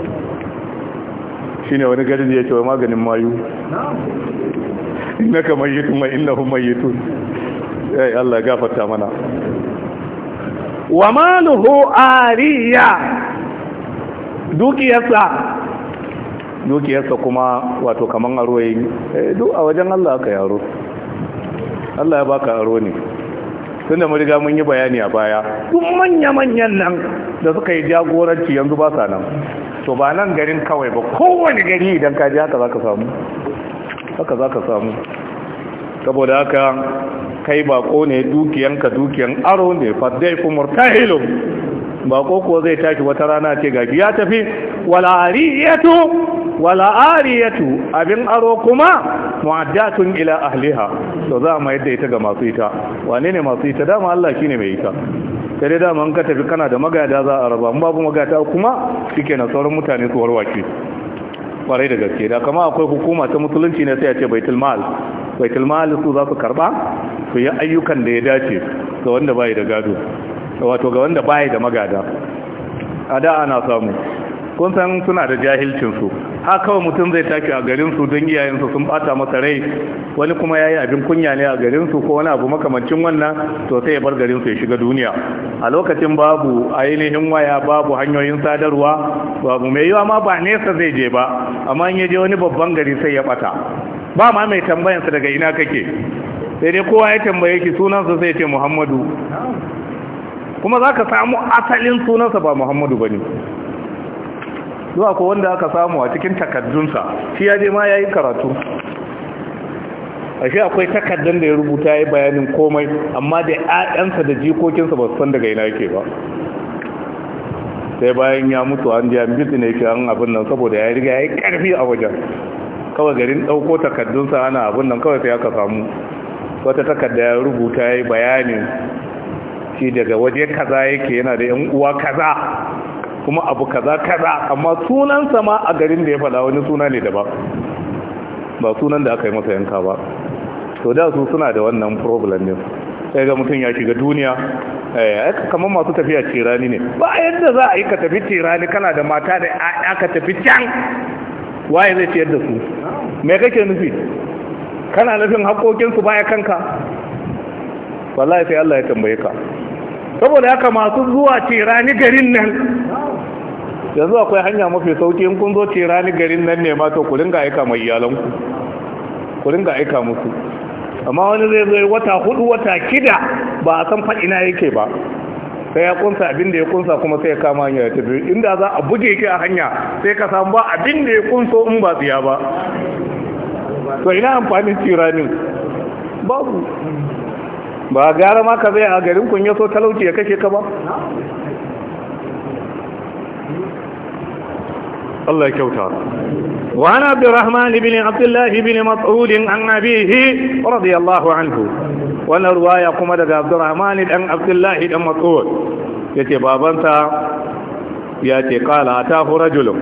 Speaker 1: shine wani garin ya ce wa maganin mayu innaka mayyitun wa innahum mayyitun ai Allah gafarta mana wa maluhu ariya dukiyarsa dukiyarsa kuma wato kaman aroyi eh, duk a wajen Allah aka yaro Allah ya baka aro ne tunda mun riga mun yi bayani a baya duk manya-manyan nan da suka yi jagoranci yanzu ba sa nan to ba nan garin kawai ba kowane gari idan ka ji haka za ka samu haka za ka samu saboda haka kai bako ne dukiyanka dukiyan aro ne faddai kumar bako kuwa zai tashi wata rana ce gaji ya tafi wala ariyatu abin aro kuma mu'addatun ila ahliha to za mu yadda ita ga masu ita wane ne masu ita dama Allah shine mai ita sai dai dama an ka tafi kana da magada za a raba babu magada kuma shike na sauran mutane su warwake kwarai da gaske da kama akwai hukuma ta musulunci ne sai a ce baitul mal baitul mal su za su karba su yi ayyukan da ya dace ga wanda bai da gado wato ga wanda bai da magada a da ana samu kun san suna da jahilcin su ha kawai mutum zai tashi a garinsu don iyayensu sun bata masa rai wani kuma yayi abin kunya ne a garinsu ko wani abu makamancin wannan to sai ya bar garinsu ya shiga duniya a lokacin babu ainihin waya babu hanyoyin sadarwa babu mai yiwa ma ba nesa zai je ba amma in ya je wani babban gari sai ya bata ba ma mai tambayansa daga ina kake sai dai kowa ya tambaye ki sa zai ce muhammadu kuma zaka ka samu asalin sunansa ba muhammadu bane zuwa ko wanda aka samu a cikin takaddunsa shi ya je ma ya yi karatu a shi akwai takardan da ya rubuta ya yi bayanin komai amma da 'ya'yansa da jikokinsa ba su san daga ina yake ba sai bayan ya mutu an ji an bitu ne an abin nan saboda ya riga ya yi karfi a wajen kawai garin ɗauko takaddunsa ana abin nan kawai sai aka samu wata takarda ya rubuta ya yi bayanin shi daga waje kaza yake yana da yan uwa kaza kuma abu kaza kaza amma sunansa ma a garin da ya faɗa wani suna ne daban ba sunan da aka yi masa yanka ba to da su suna da wannan problem ne sai ga mutum ya shiga duniya eh kamar masu tafiya cirani ne ba yadda za a yi ka tafi cirani kana da mata da ya ka tafi can waye zai ciyar da su me kake nufi kana nufin haƙoƙin su baya kanka wallahi sai Allah ya tambaye ka saboda haka masu zuwa cirani garin nan yanzu akwai hanya mafi sauki in kun zo ce rani garin nan ne ma to ku ringa aika mai iyalanku ku ringa aika musu amma wani zai zai wata hudu wata kida ba a san na yake ba sai ya kunsa abin da ya kunsa kuma sai ya kama hanya ya tafi inda za a buge ki a hanya sai ka samu ba abin da ya kunso in ba tsiya ba
Speaker 2: to ina amfani tiranin babu
Speaker 1: ba gara ma ka zai a garin kun ya so talauci ya kashe ka ba Allah kyauta وعن عبد الرحمن بن عبد الله بن مسعود عن wannan ruwa ya kuma daga abdurrahmani dan abdullahi dan mas'ud yace babansa ya ce kala atahu rajulun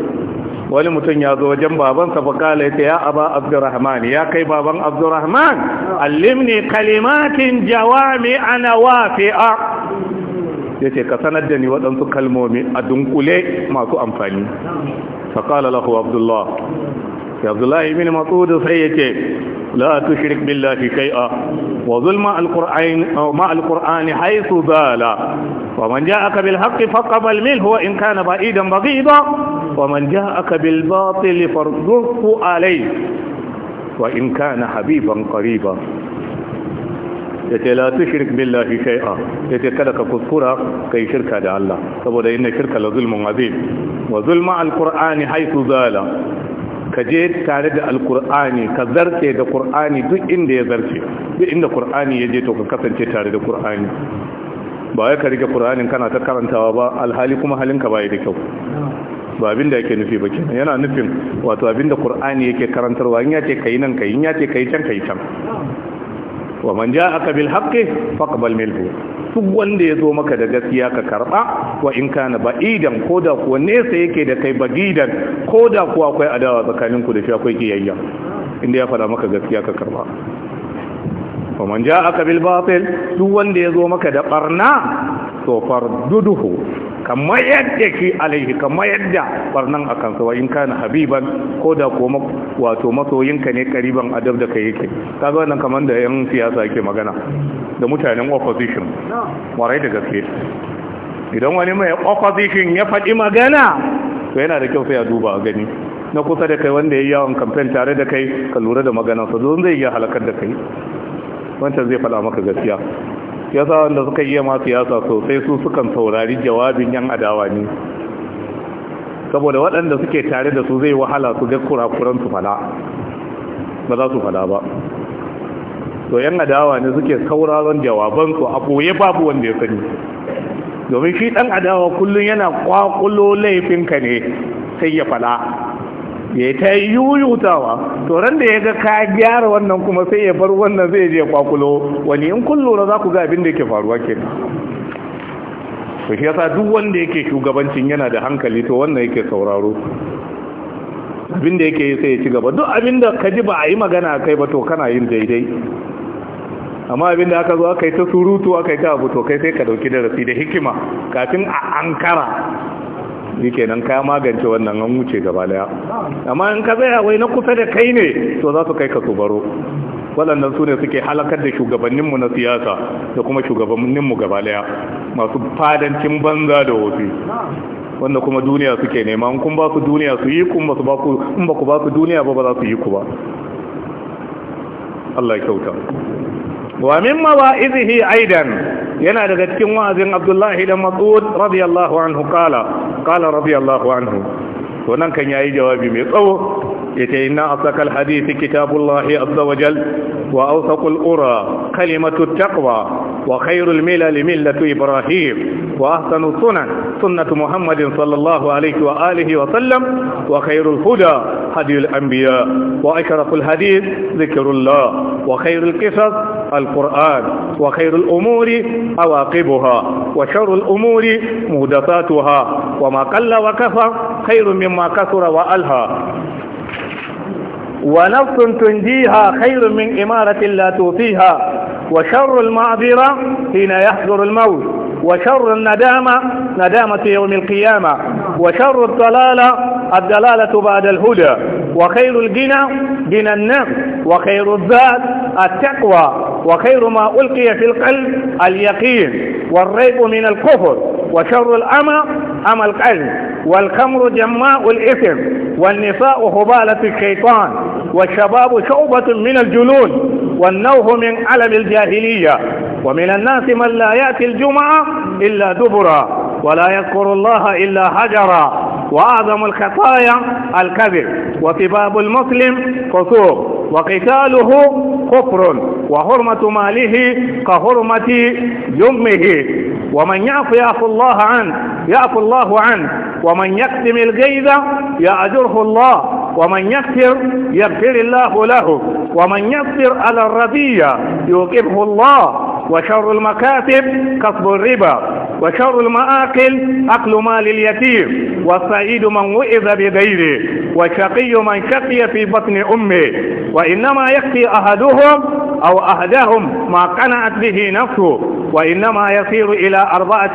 Speaker 1: wani mutum ya zo wajen babansa fa kala yace ya aba abdurrahman ya kai baban abdurrahman allimni kalimatin jawami ana wafi'a yace ka sanar da ni waɗansu kalmomi a dunkule masu amfani فقال له عبد الله يا عبد الله بن مسعود سيك لا تشرك بالله شيئا وظلم القرآن, أو مع القرآن حيث زال ومن جاءك بالحق فقبل منه وإن كان بعيدا بغيضا ومن جاءك بالباطل فارزقه عليه وإن كان حبيبا قريبا ya ce la tushrik billahi shay'a ya ce kada ka kuskura ka yi shirka da Allah saboda inna shirka la zulmun azim wa zulma alqur'ani haythu zala ka je tare da alqur'ani ka zarce da qur'ani duk inda ya zarce duk inda qur'ani ya je to ka kasance tare da qur'ani ba ya ka rike qur'anin kana ta karantawa ba alhali kuma halinka bai da kyau ba abin da yake nufi ba kenan yana nufin wato abin da qur'ani yake karantarwa in ka yi nan kai in ka yi can ka yi can wa man ja'aka bil haqqi faqbal minhu duk wanda ya zo maka da gaskiya ka karba wa in kana ba'idan koda kuwa nesa yake da kai bagidan koda kuwa akwai adawa tsakanin ku da shi akwai kiyayya inda ya faɗa maka gaskiya ka karba wa man ja'aka bil batil duk wanda ya zo maka da barna to farduduhu kamar yadda ke alaihi kamar yadda barnan a kansa wa in kana habiban ko da kuma wato masoyinka ne kariban adab da ka yake kaga wannan kamar da yan siyasa yake magana da mutanen opposition warai da gaske idan wani mai opposition ya faɗi magana to yana da kyau sai ya duba a gani na kusa da kai wanda ya yi yawon kamfen tare da kai ka lura da maganarsa don zai iya halakar da kai wancan zai faɗa maka gaskiya ya sa wanda suka yi ma siyasa sosai su sukan saurari jawabin yan adawa ne saboda waɗanda suke tare da su zai wahala su ga kurakuran su fada ba za su fada ba to yan adawa ne suke sauraron jawaban su a ɓoye babu wanda ya sani domin shi ɗan adawa kullum yana kwakulo laifinka ne sai ya fada ya ta yuyutawa to ran da ya ga ka gyara wannan kuma sai ya bar wannan zai je kwakulo wani in kun lura za ku ga abin da yake faruwa ke? shi yasa duk wanda yake shugabancin yana da hankali to wannan yake sauraro abin da yake yi sai ya ci gaba duk abin da ka ji ba a yi magana kai ba to kana yin daidai amma abin da aka zo aka yi ta surutu aka yi ta abu to kai sai ka dauki darasi da hikima kafin a ankara nan kaya magance wannan an wuce gaba daya amma in ka tsaya wai na kusa da kai ne to za su kai ka su baro waɗannan su ne suke halakar da shugabanninmu na siyasa da kuma shugabanninmu gaba daya masu fadancin banza da wofi wanda kuma duniya suke nema in kun ba su duniya su yi kun ba ku ba ku ba duniya ba ba za su yi ku ba Allah kyauta wa min mawa'izihi aidan yana daga cikin wa'azin Abdullahi da Mas'ud radiyallahu anhu kala qala radiyallahu anhu wannan kan yayi jawabi mai tsawo yace inna asakal hadisi kitabullahi azza wajal wa awsaqul ura kalimatu taqwa wa khairul milal millatu ibrahim wa ahsanu sunan sunnatu muhammadin sallallahu alaihi wa alihi wa sallam wa khairul huda hadiyul anbiya wa akraful hadith dhikrullah wa khairul qisas القرآن وخير الأمور عواقبها وشر الأمور مهدفاتها وما قل وكفى خير من مما كثر وألهى ونفس تنجيها خير من إمارة لا توفيها وشر المعذرة حين يحضر الموت وشر الندامة ندامة يوم القيامة وشر الضلالة الدلالة بعد الهدى وخير الجنى جنى النفس وخير الذات التقوى وخير ما ألقي في القلب اليقين والريب من الكفر وشر الأمى أمى القلب والخمر جماء الإثم والنساء هبالة الشيطان والشباب شعبة من الجنون والنوه من علم الجاهلية ومن الناس من لا يأتي الجمعة إلا دبرا ولا يذكر الله إلا حجرا وأعظم الخطايا الكذب وسباب المسلم قصور وقتاله كفر وحرمة ماله كحرمة جمه ومن يعف يعف الله عنه يعف الله عنه ومن يكتم الغيظ يأجره الله ومن يكفر يغفر الله له ومن يصبر على الرضية يوقفه الله وشر المكاتب كسب الربا وشر المآكل أكل مال اليتيم والسعيد من وئذ بغيره والشقي من شقي في بطن أمه وإنما يكفي أحدهم أو أحدهم ما قنعت به نفسه وإنما يصير إلى أربعة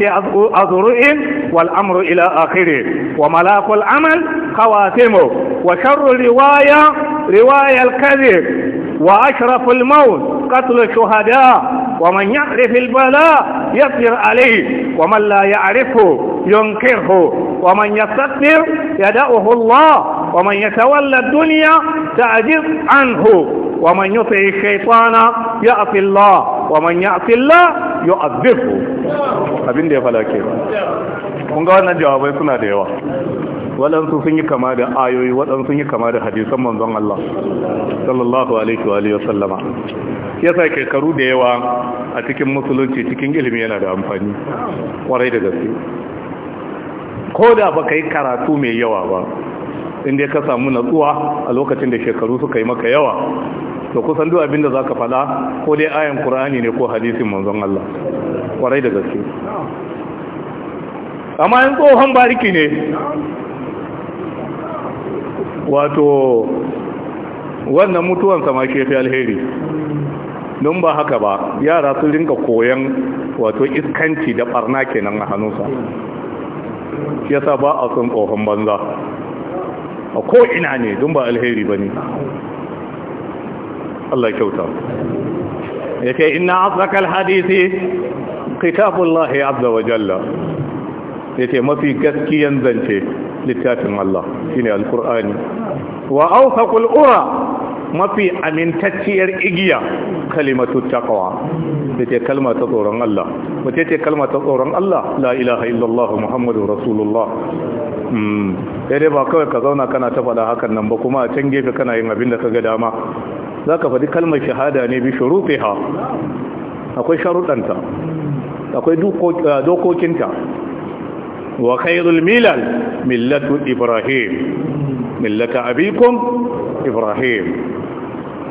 Speaker 1: أذرع والأمر إلى آخره وملاك العمل خواتمه وشر الرواية رواية الكذب وأشرف الموت قتل الشهداء ومن يعرف البلاء يصبر عليه ومن لا يعرفه ينكره ومن يستكبر يدعه الله ومن يتولى الدنيا تعجز عنه ومن يطع الشيطان يعصي الله ومن يعصي الله يعذبه abin da ya falake ba kun ga wannan jawabai suna da yawa waɗansu sun yi kama da ayoyi waɗansu sun yi kama da hadisan manzon Allah sallallahu alaihi wa sallama yasa shekaru da yawa a cikin musulunci cikin ilimi yana da amfani kwarai da gaske ko da baka yi karatu mai yawa ba inda ka samu natsuwa a lokacin da shekaru suka yi maka yawa to kusan duk abin da ka fada ko dai ayan kur'ani ne ko hadisin manzon Allah kwarai da gaske amma yin tsohon bariki ne wato wannan mutuwan sama ke fi alheri don ba haka ba yara sun rinka koyan wato iskanci da barna kenan a hannunsa yasa ba a son tsohon banza a ko'ina ne don ba alheri ba ne Allah kyauta ya ce ina asakal hadisi kitabullahi abda wa jalla ya ce mafi gaskiyan zance littafin Allah shi shine alkur'ani wa aukakul'ura mafi amintacciyar igiya kalimatu taqwa ce kalma ta tsoron Allah wace ce kalma ta tsoron Allah la ilaha illallah muhammadu rasulullah hmm. sai ba kawai ka zauna kana ta fada hakan nan ba kuma a can gefe kana yin abin da ka ga dama za ka faɗi kalmar shahada ne bi shuruɗiha akwai sharuɗanta akwai eh, dokokinta wa milal millatu ibrahim millata abikum ibrahim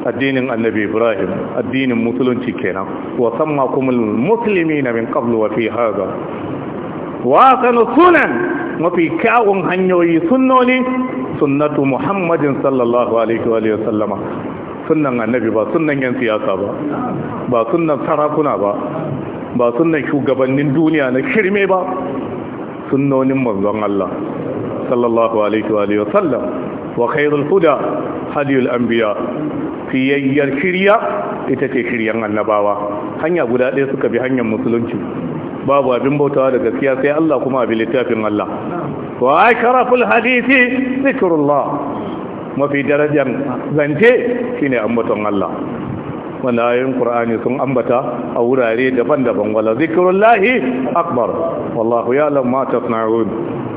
Speaker 1: addinin annabi ibrahim addinin musulunci kenan wa kumul muslimina min qablu wa fi hada wa kana sunan mafi kyawun hanyoyi sunnoni sunnatu muhammadin sallallahu alaihi wa sallama sunnan annabi ba sunnan yan siyasa ba ba sunnan sarakuna ba ba sunnan shugabannin duniya na shirme ba sunnonin manzon Allah sallallahu alaihi wa sallam wa khairul huda hadiyul anbiya fiyayyar shirya ita ce shiryan annabawa hanya guda ɗaya suka bi hanyar musulunci babu abin bautawa da gaskiya sai Allah kuma abin littafin Allah wa ashraful hadisi zikrullah mafi darajar zance shine ambaton Allah wanda ayoyin Qur'ani sun ambata a wurare daban-daban wala zikrullahi akbar wallahu ya'lam ma tasna'un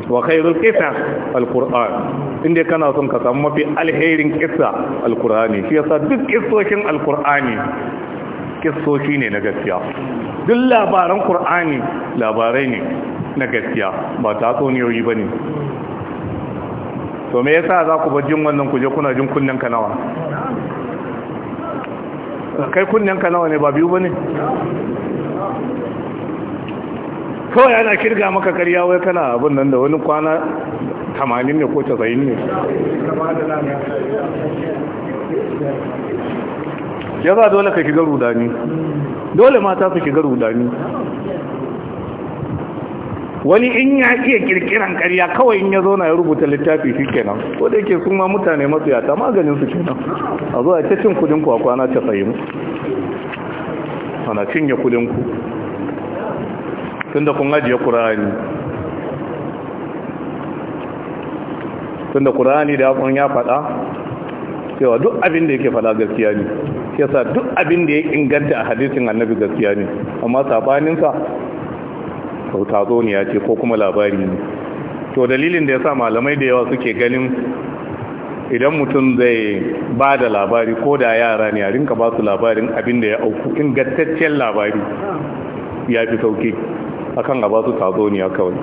Speaker 1: wa khairul qisas alquran inda kana son ka samu mafi alherin kissa alkur'ani shi yasa duk kissoshin alkur'ani kissoshi ne na gaskiya duk labaran kur'ani labarai ne na gaskiya ba ta tsoniyoyi ba ne to me yasa za ku jin wannan kuje kuna jin kunnen ka nawa kai kunnen ka nawa ne ba biyu ba ne kawai ana kirga maka karya wai kana abin nan da wani kwana tamanin ne ko casa'in ne ya za dole ka shiga rudani dole mata su shiga rudani wani in ya iya kirkiran karya kawai in ya zauna ya rubuta littafi shi kenan ko da yake kuma mutane yata maganin su kenan a zuwa ta cin kudin ku a kwana casa'in ana cinye kudin ku tun da kun ajiye kurani tunda qur'ani da kun ya faɗa cewa duk abin da yake faɗa gaskiya ne yasa duk abin da ya inganta a hadisin annabi gaskiya ne amma sabaninsa to zo ne ya ce ko kuma labari ne to dalilin da yasa malamai da yawa suke ganin idan mutum zai ba da labari ko da yara ne a rinka ba su labarin abin da ya auku ingantaccen labari ya fi sauki akan a ba su tazo kawai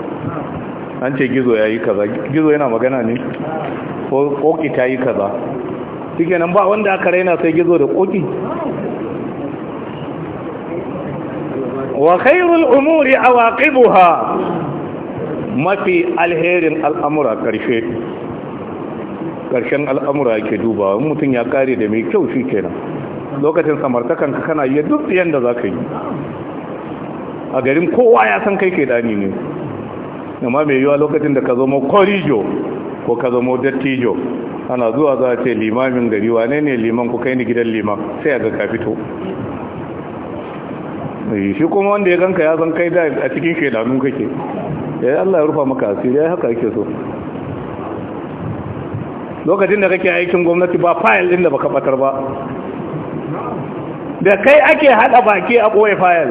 Speaker 1: an ce gizo ya yi kaza gizo yana magana ne ko koki ta yi kaza suke nan ba wanda aka raina sai gizo da koki
Speaker 2: wa khairul umuri awaqibuha
Speaker 1: mafi alherin al'amura karshe karshen al'amura yake dubawa mutum ya kare da mai kyau shi kenan lokacin samartakanka kana yi duk yanda za ka yi a garin kowa ya san kai ke dani ne amma mai yiwa lokacin da ka zo korijo ko ka zo dattijo ana zuwa za a ce limamin gari wane ne liman ku kai ni gidan liman sai a ga ka fito eh, shi kuma wanda ya ganka ya zan kai da a cikin shaidanu kake ya eh, Allah ya rufa maka asiri ya yi haka ake so lokacin da kake aikin gwamnati ba fayil din da baka batar ba
Speaker 2: da kai ake hada
Speaker 1: baki a kowai fayil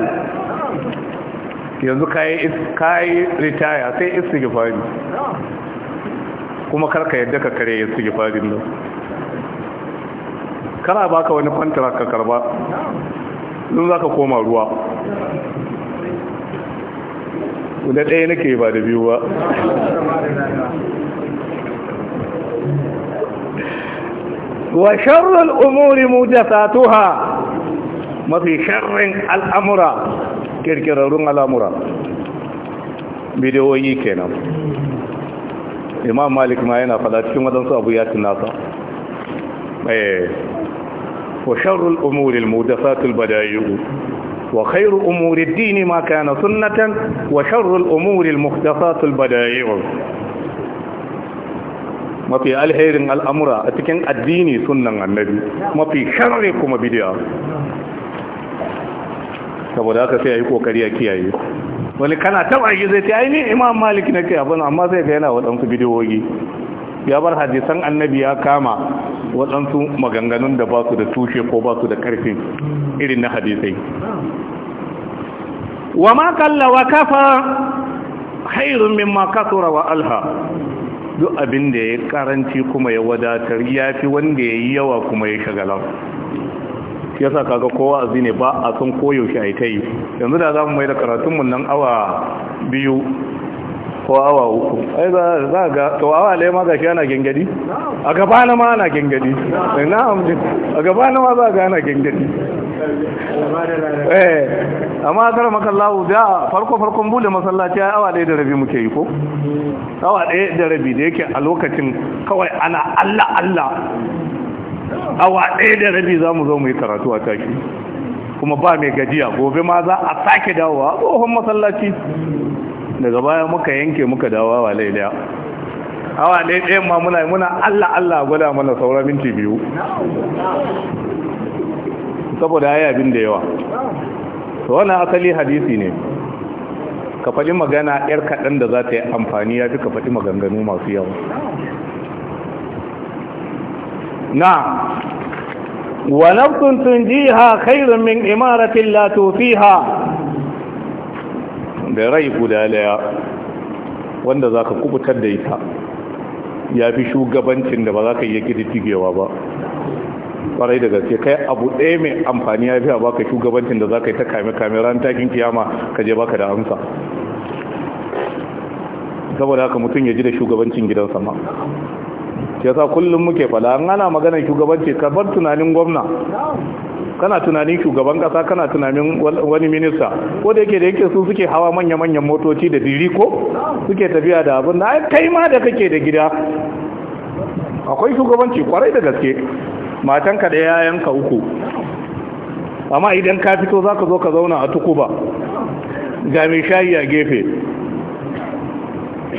Speaker 1: yanzu kayi ritaya sai istighfari kuma karka yadda ka kare istighfarin nan kana baka wani contract ka karba za ka koma ruwa da ɗaya nake ba da biyu ba wa sharral umuri muhdathatuha mafi sharrin al'amura kirkirarrun al'amura bidiyoyi kenan imam malik ma yana fada cikin wadansu abu ya tunasa eh, wa sharrul umuri al-muhdathatul bada'i'u wa khairul umuril dini ma ma kana sunnatan wa sharrul umuri al-muhdathatul badayu mafi alherin al'amura a cikin addini sunnan annabi mafi sharri kuma bid'a saboda haka sai ya yi kokari ya kiyaye wani kana taba shi zai ta ai ni imam malik na kai abin amma sai ga yana waɗansu bidiyoyi ya bar hadisan annabi ya kama waɗansu maganganun da ba su da tushe ko ba su da ƙarfin irin na hadisai wa ma kalla wa kafa hairun mimma kasura wa alha duk abin da ya karanci kuma ya wadatar ya fi wanda ya yi yawa kuma ya shagalar shi yasa kaga kowa azi ne ba a san koyaushe a ta yi yanzu da za mu mai da karatunmu nan awa biyu ko awa uku ai za ga to awa lai ma gashi ana gengadi a gaba na ma ana gengadi eh, na'am a gaba na ma za ga ana gengadi eh amma kar Allah da farko farkon bude masallaci ai awa ɗaya da rabi muke yi ko awa ɗaya da rabi da yake a lokacin kawai ana Allah Allah awa ɗaya da rabi za mu zo mu yi karatu a tashi kuma ba mai gajiya gobe ma za a sake dawowa a tsohon masallaci daga baya muka yanke muka dawowa wa laidaya awa ɗaya da ma muna muna allah allah gwada mana saura minti biyu saboda ya da yawa to wani asali hadisi ne ka faɗi magana 'yar kaɗan da za ta yi amfani ya fi ka faɗi maganganu masu yawa نعم ونفس تنجيها خير من إمارة لا توفيها da rai guda daya wanda za ka kubutar da ita ya fi shugabancin da ba za ka iya gidigewa ba farai da gaske kai abu ɗaya mai amfani ya fi a ka shugabancin da za ka yi ta kame-kame ran takin kiyama ka je baka da amsa saboda haka mutum ya ji da shugabancin gidan sama ya yasa kullum muke fada an ana magana shugabanci ka bar tunanin gwamna kana tunanin shugaban kasa kana tunanin wani minista ko da yake da yake su suke hawa manya-manyan motoci da ko suke tafiya da abin da kai ma da kake da gida akwai shugabanci kwarai da gaske Matan ka da yayanka uku amma idan ka fito za ka zo ka zauna a tukuba ga mai shayi a gefe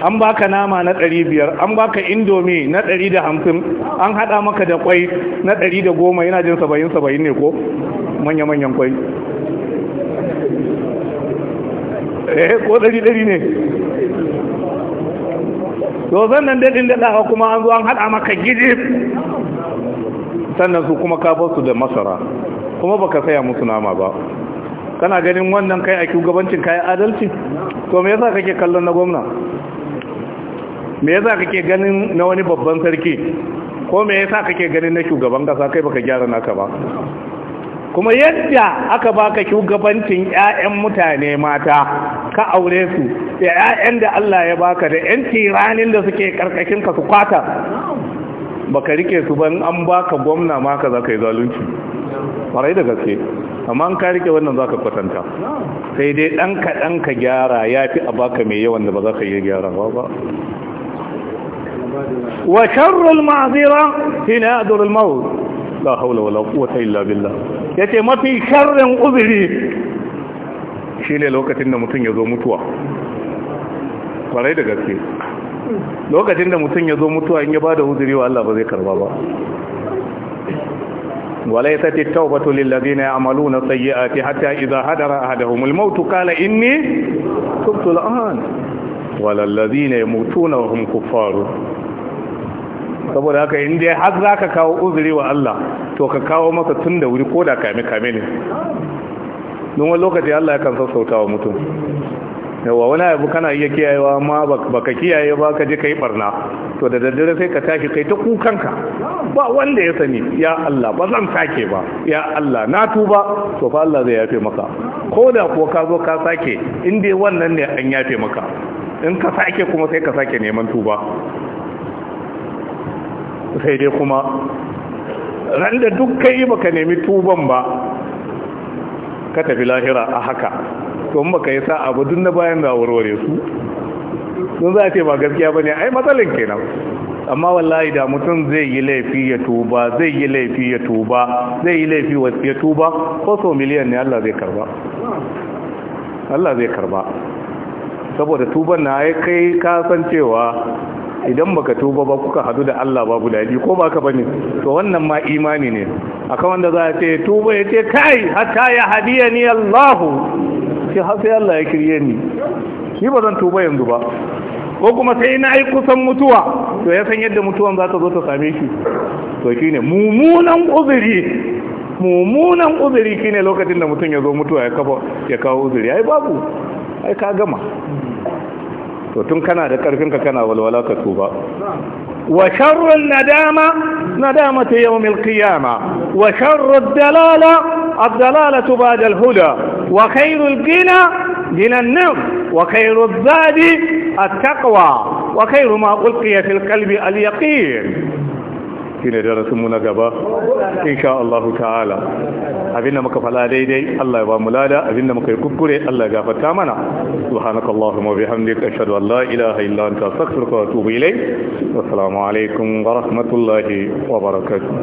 Speaker 1: an baka nama na ɗari biyar an baka indomi na ɗari da hamsin an haɗa maka da kwai na ɗari da goma yana jin saba'in saba'in ne ko manya-manyan kwai eh ko ɗari ɗari ne to zan nan da daɗawa kuma an zo an haɗa maka gidi, sannan su kuma kafarsu da masara kuma baka saya musu nama ba kana ganin wannan kai a shugabancin kayan adalci to me yasa kake kallon na gwamna me yasa kake ganin na wani babban sarki ko me yasa kake ganin na shugaban kasa kai baka gyara naka ba kuma yadda aka baka shugabancin 'ya'yan mutane mata ka aure su da 'ya'yan da Allah ya baka da ƴan tiranin da suke karkashin ka su kwata baka rike su ban an baka gwamna ma ka zaka yi zalunci farai da gaske amma an ka rike wannan za kwatanta sai dai ka dan ka gyara ya fi a baka mai yawan da ba za ka yi gyara ba
Speaker 2: وشر المعذرة
Speaker 1: في نادر الموت لا حول ولا قوة إلا بالله يتي ما في شر أذري شيني لوكة إن متن يزو متوى فرأيت قلت لوكة إن متن يزو متوى إن يباد أذري وألا بذكر بابا وليست التوبة للذين يعملون الطيئات حتى إذا هدر أهدهم الموت قال إني تبت الآن وللذين يموتون وهم كفار saboda haka inda ya har za ka kawo uzuri wa Allah to ka kawo masa tun da wuri ko da kame kame ne don wani lokaci Allah ya kan sassauta wa mutum yawa wani abu kana iya kiyayewa amma baka kiyaye ba ka je ka yi barna to da daddare sai ka tashi kai ta kukanka ba wanda ya sani ya Allah ba zan sake ba ya Allah na tuba to fa Allah zai yafe maka ko da ko ka zo ka sake inda wannan ne an yafe maka in ka sake kuma sai ka sake neman tuba sai dai kuma ran da duk kai baka nemi tuban ba ka tafi lahira a haka to in baka yi sa'a ba duk na bayan da warware su don za a ce ba gaskiya ba ne ai matsalin kenan amma wallahi da mutum zai yi laifi ya tuba zai yi laifi ya tuba zai yi laifi ya tuba ko so miliyan ne Allah zai karba Allah zai karba saboda tuban na ai kai kasancewa idan baka tuba ba kuka hadu da Allah babu dadi ko baka bane to wannan ma imani ne akan wanda za ce tuba ya ce kai hatta ya hadiya ni Allah shi har sai Allah ya kirye ni ni ba zan tuba yanzu ba ko kuma sai na yi kusan mutuwa to ya san yadda mutuwan za ta zo ta same shi to shine mummunan uzuri mummunan uzuri kine lokacin da mutum ya zo mutuwa ya kawo uzuri ai babu ai ka gama to tun kana da karfin ka kana walwala ka tuba wa sharru nadama nadamatu yawmil qiyama wa sharrud dalala ad-dalalatu ba'da al-huda wa khairul ghina az-zadi at-taqwa wa التقوى ma ulqiya fil qalbi al-yaqin shine darasinmu na gaba insha Allah ta'ala abinda muka fala daidai Allah ya ba mu lada abinda muka yi kuskure Allah ya gafarta mana subhanakallahumma wa bihamdika ashhadu an la ilaha illa anta astaghfiruka wa atubu ilayk
Speaker 2: assalamu alaikum wa rahmatullahi wa barakatuh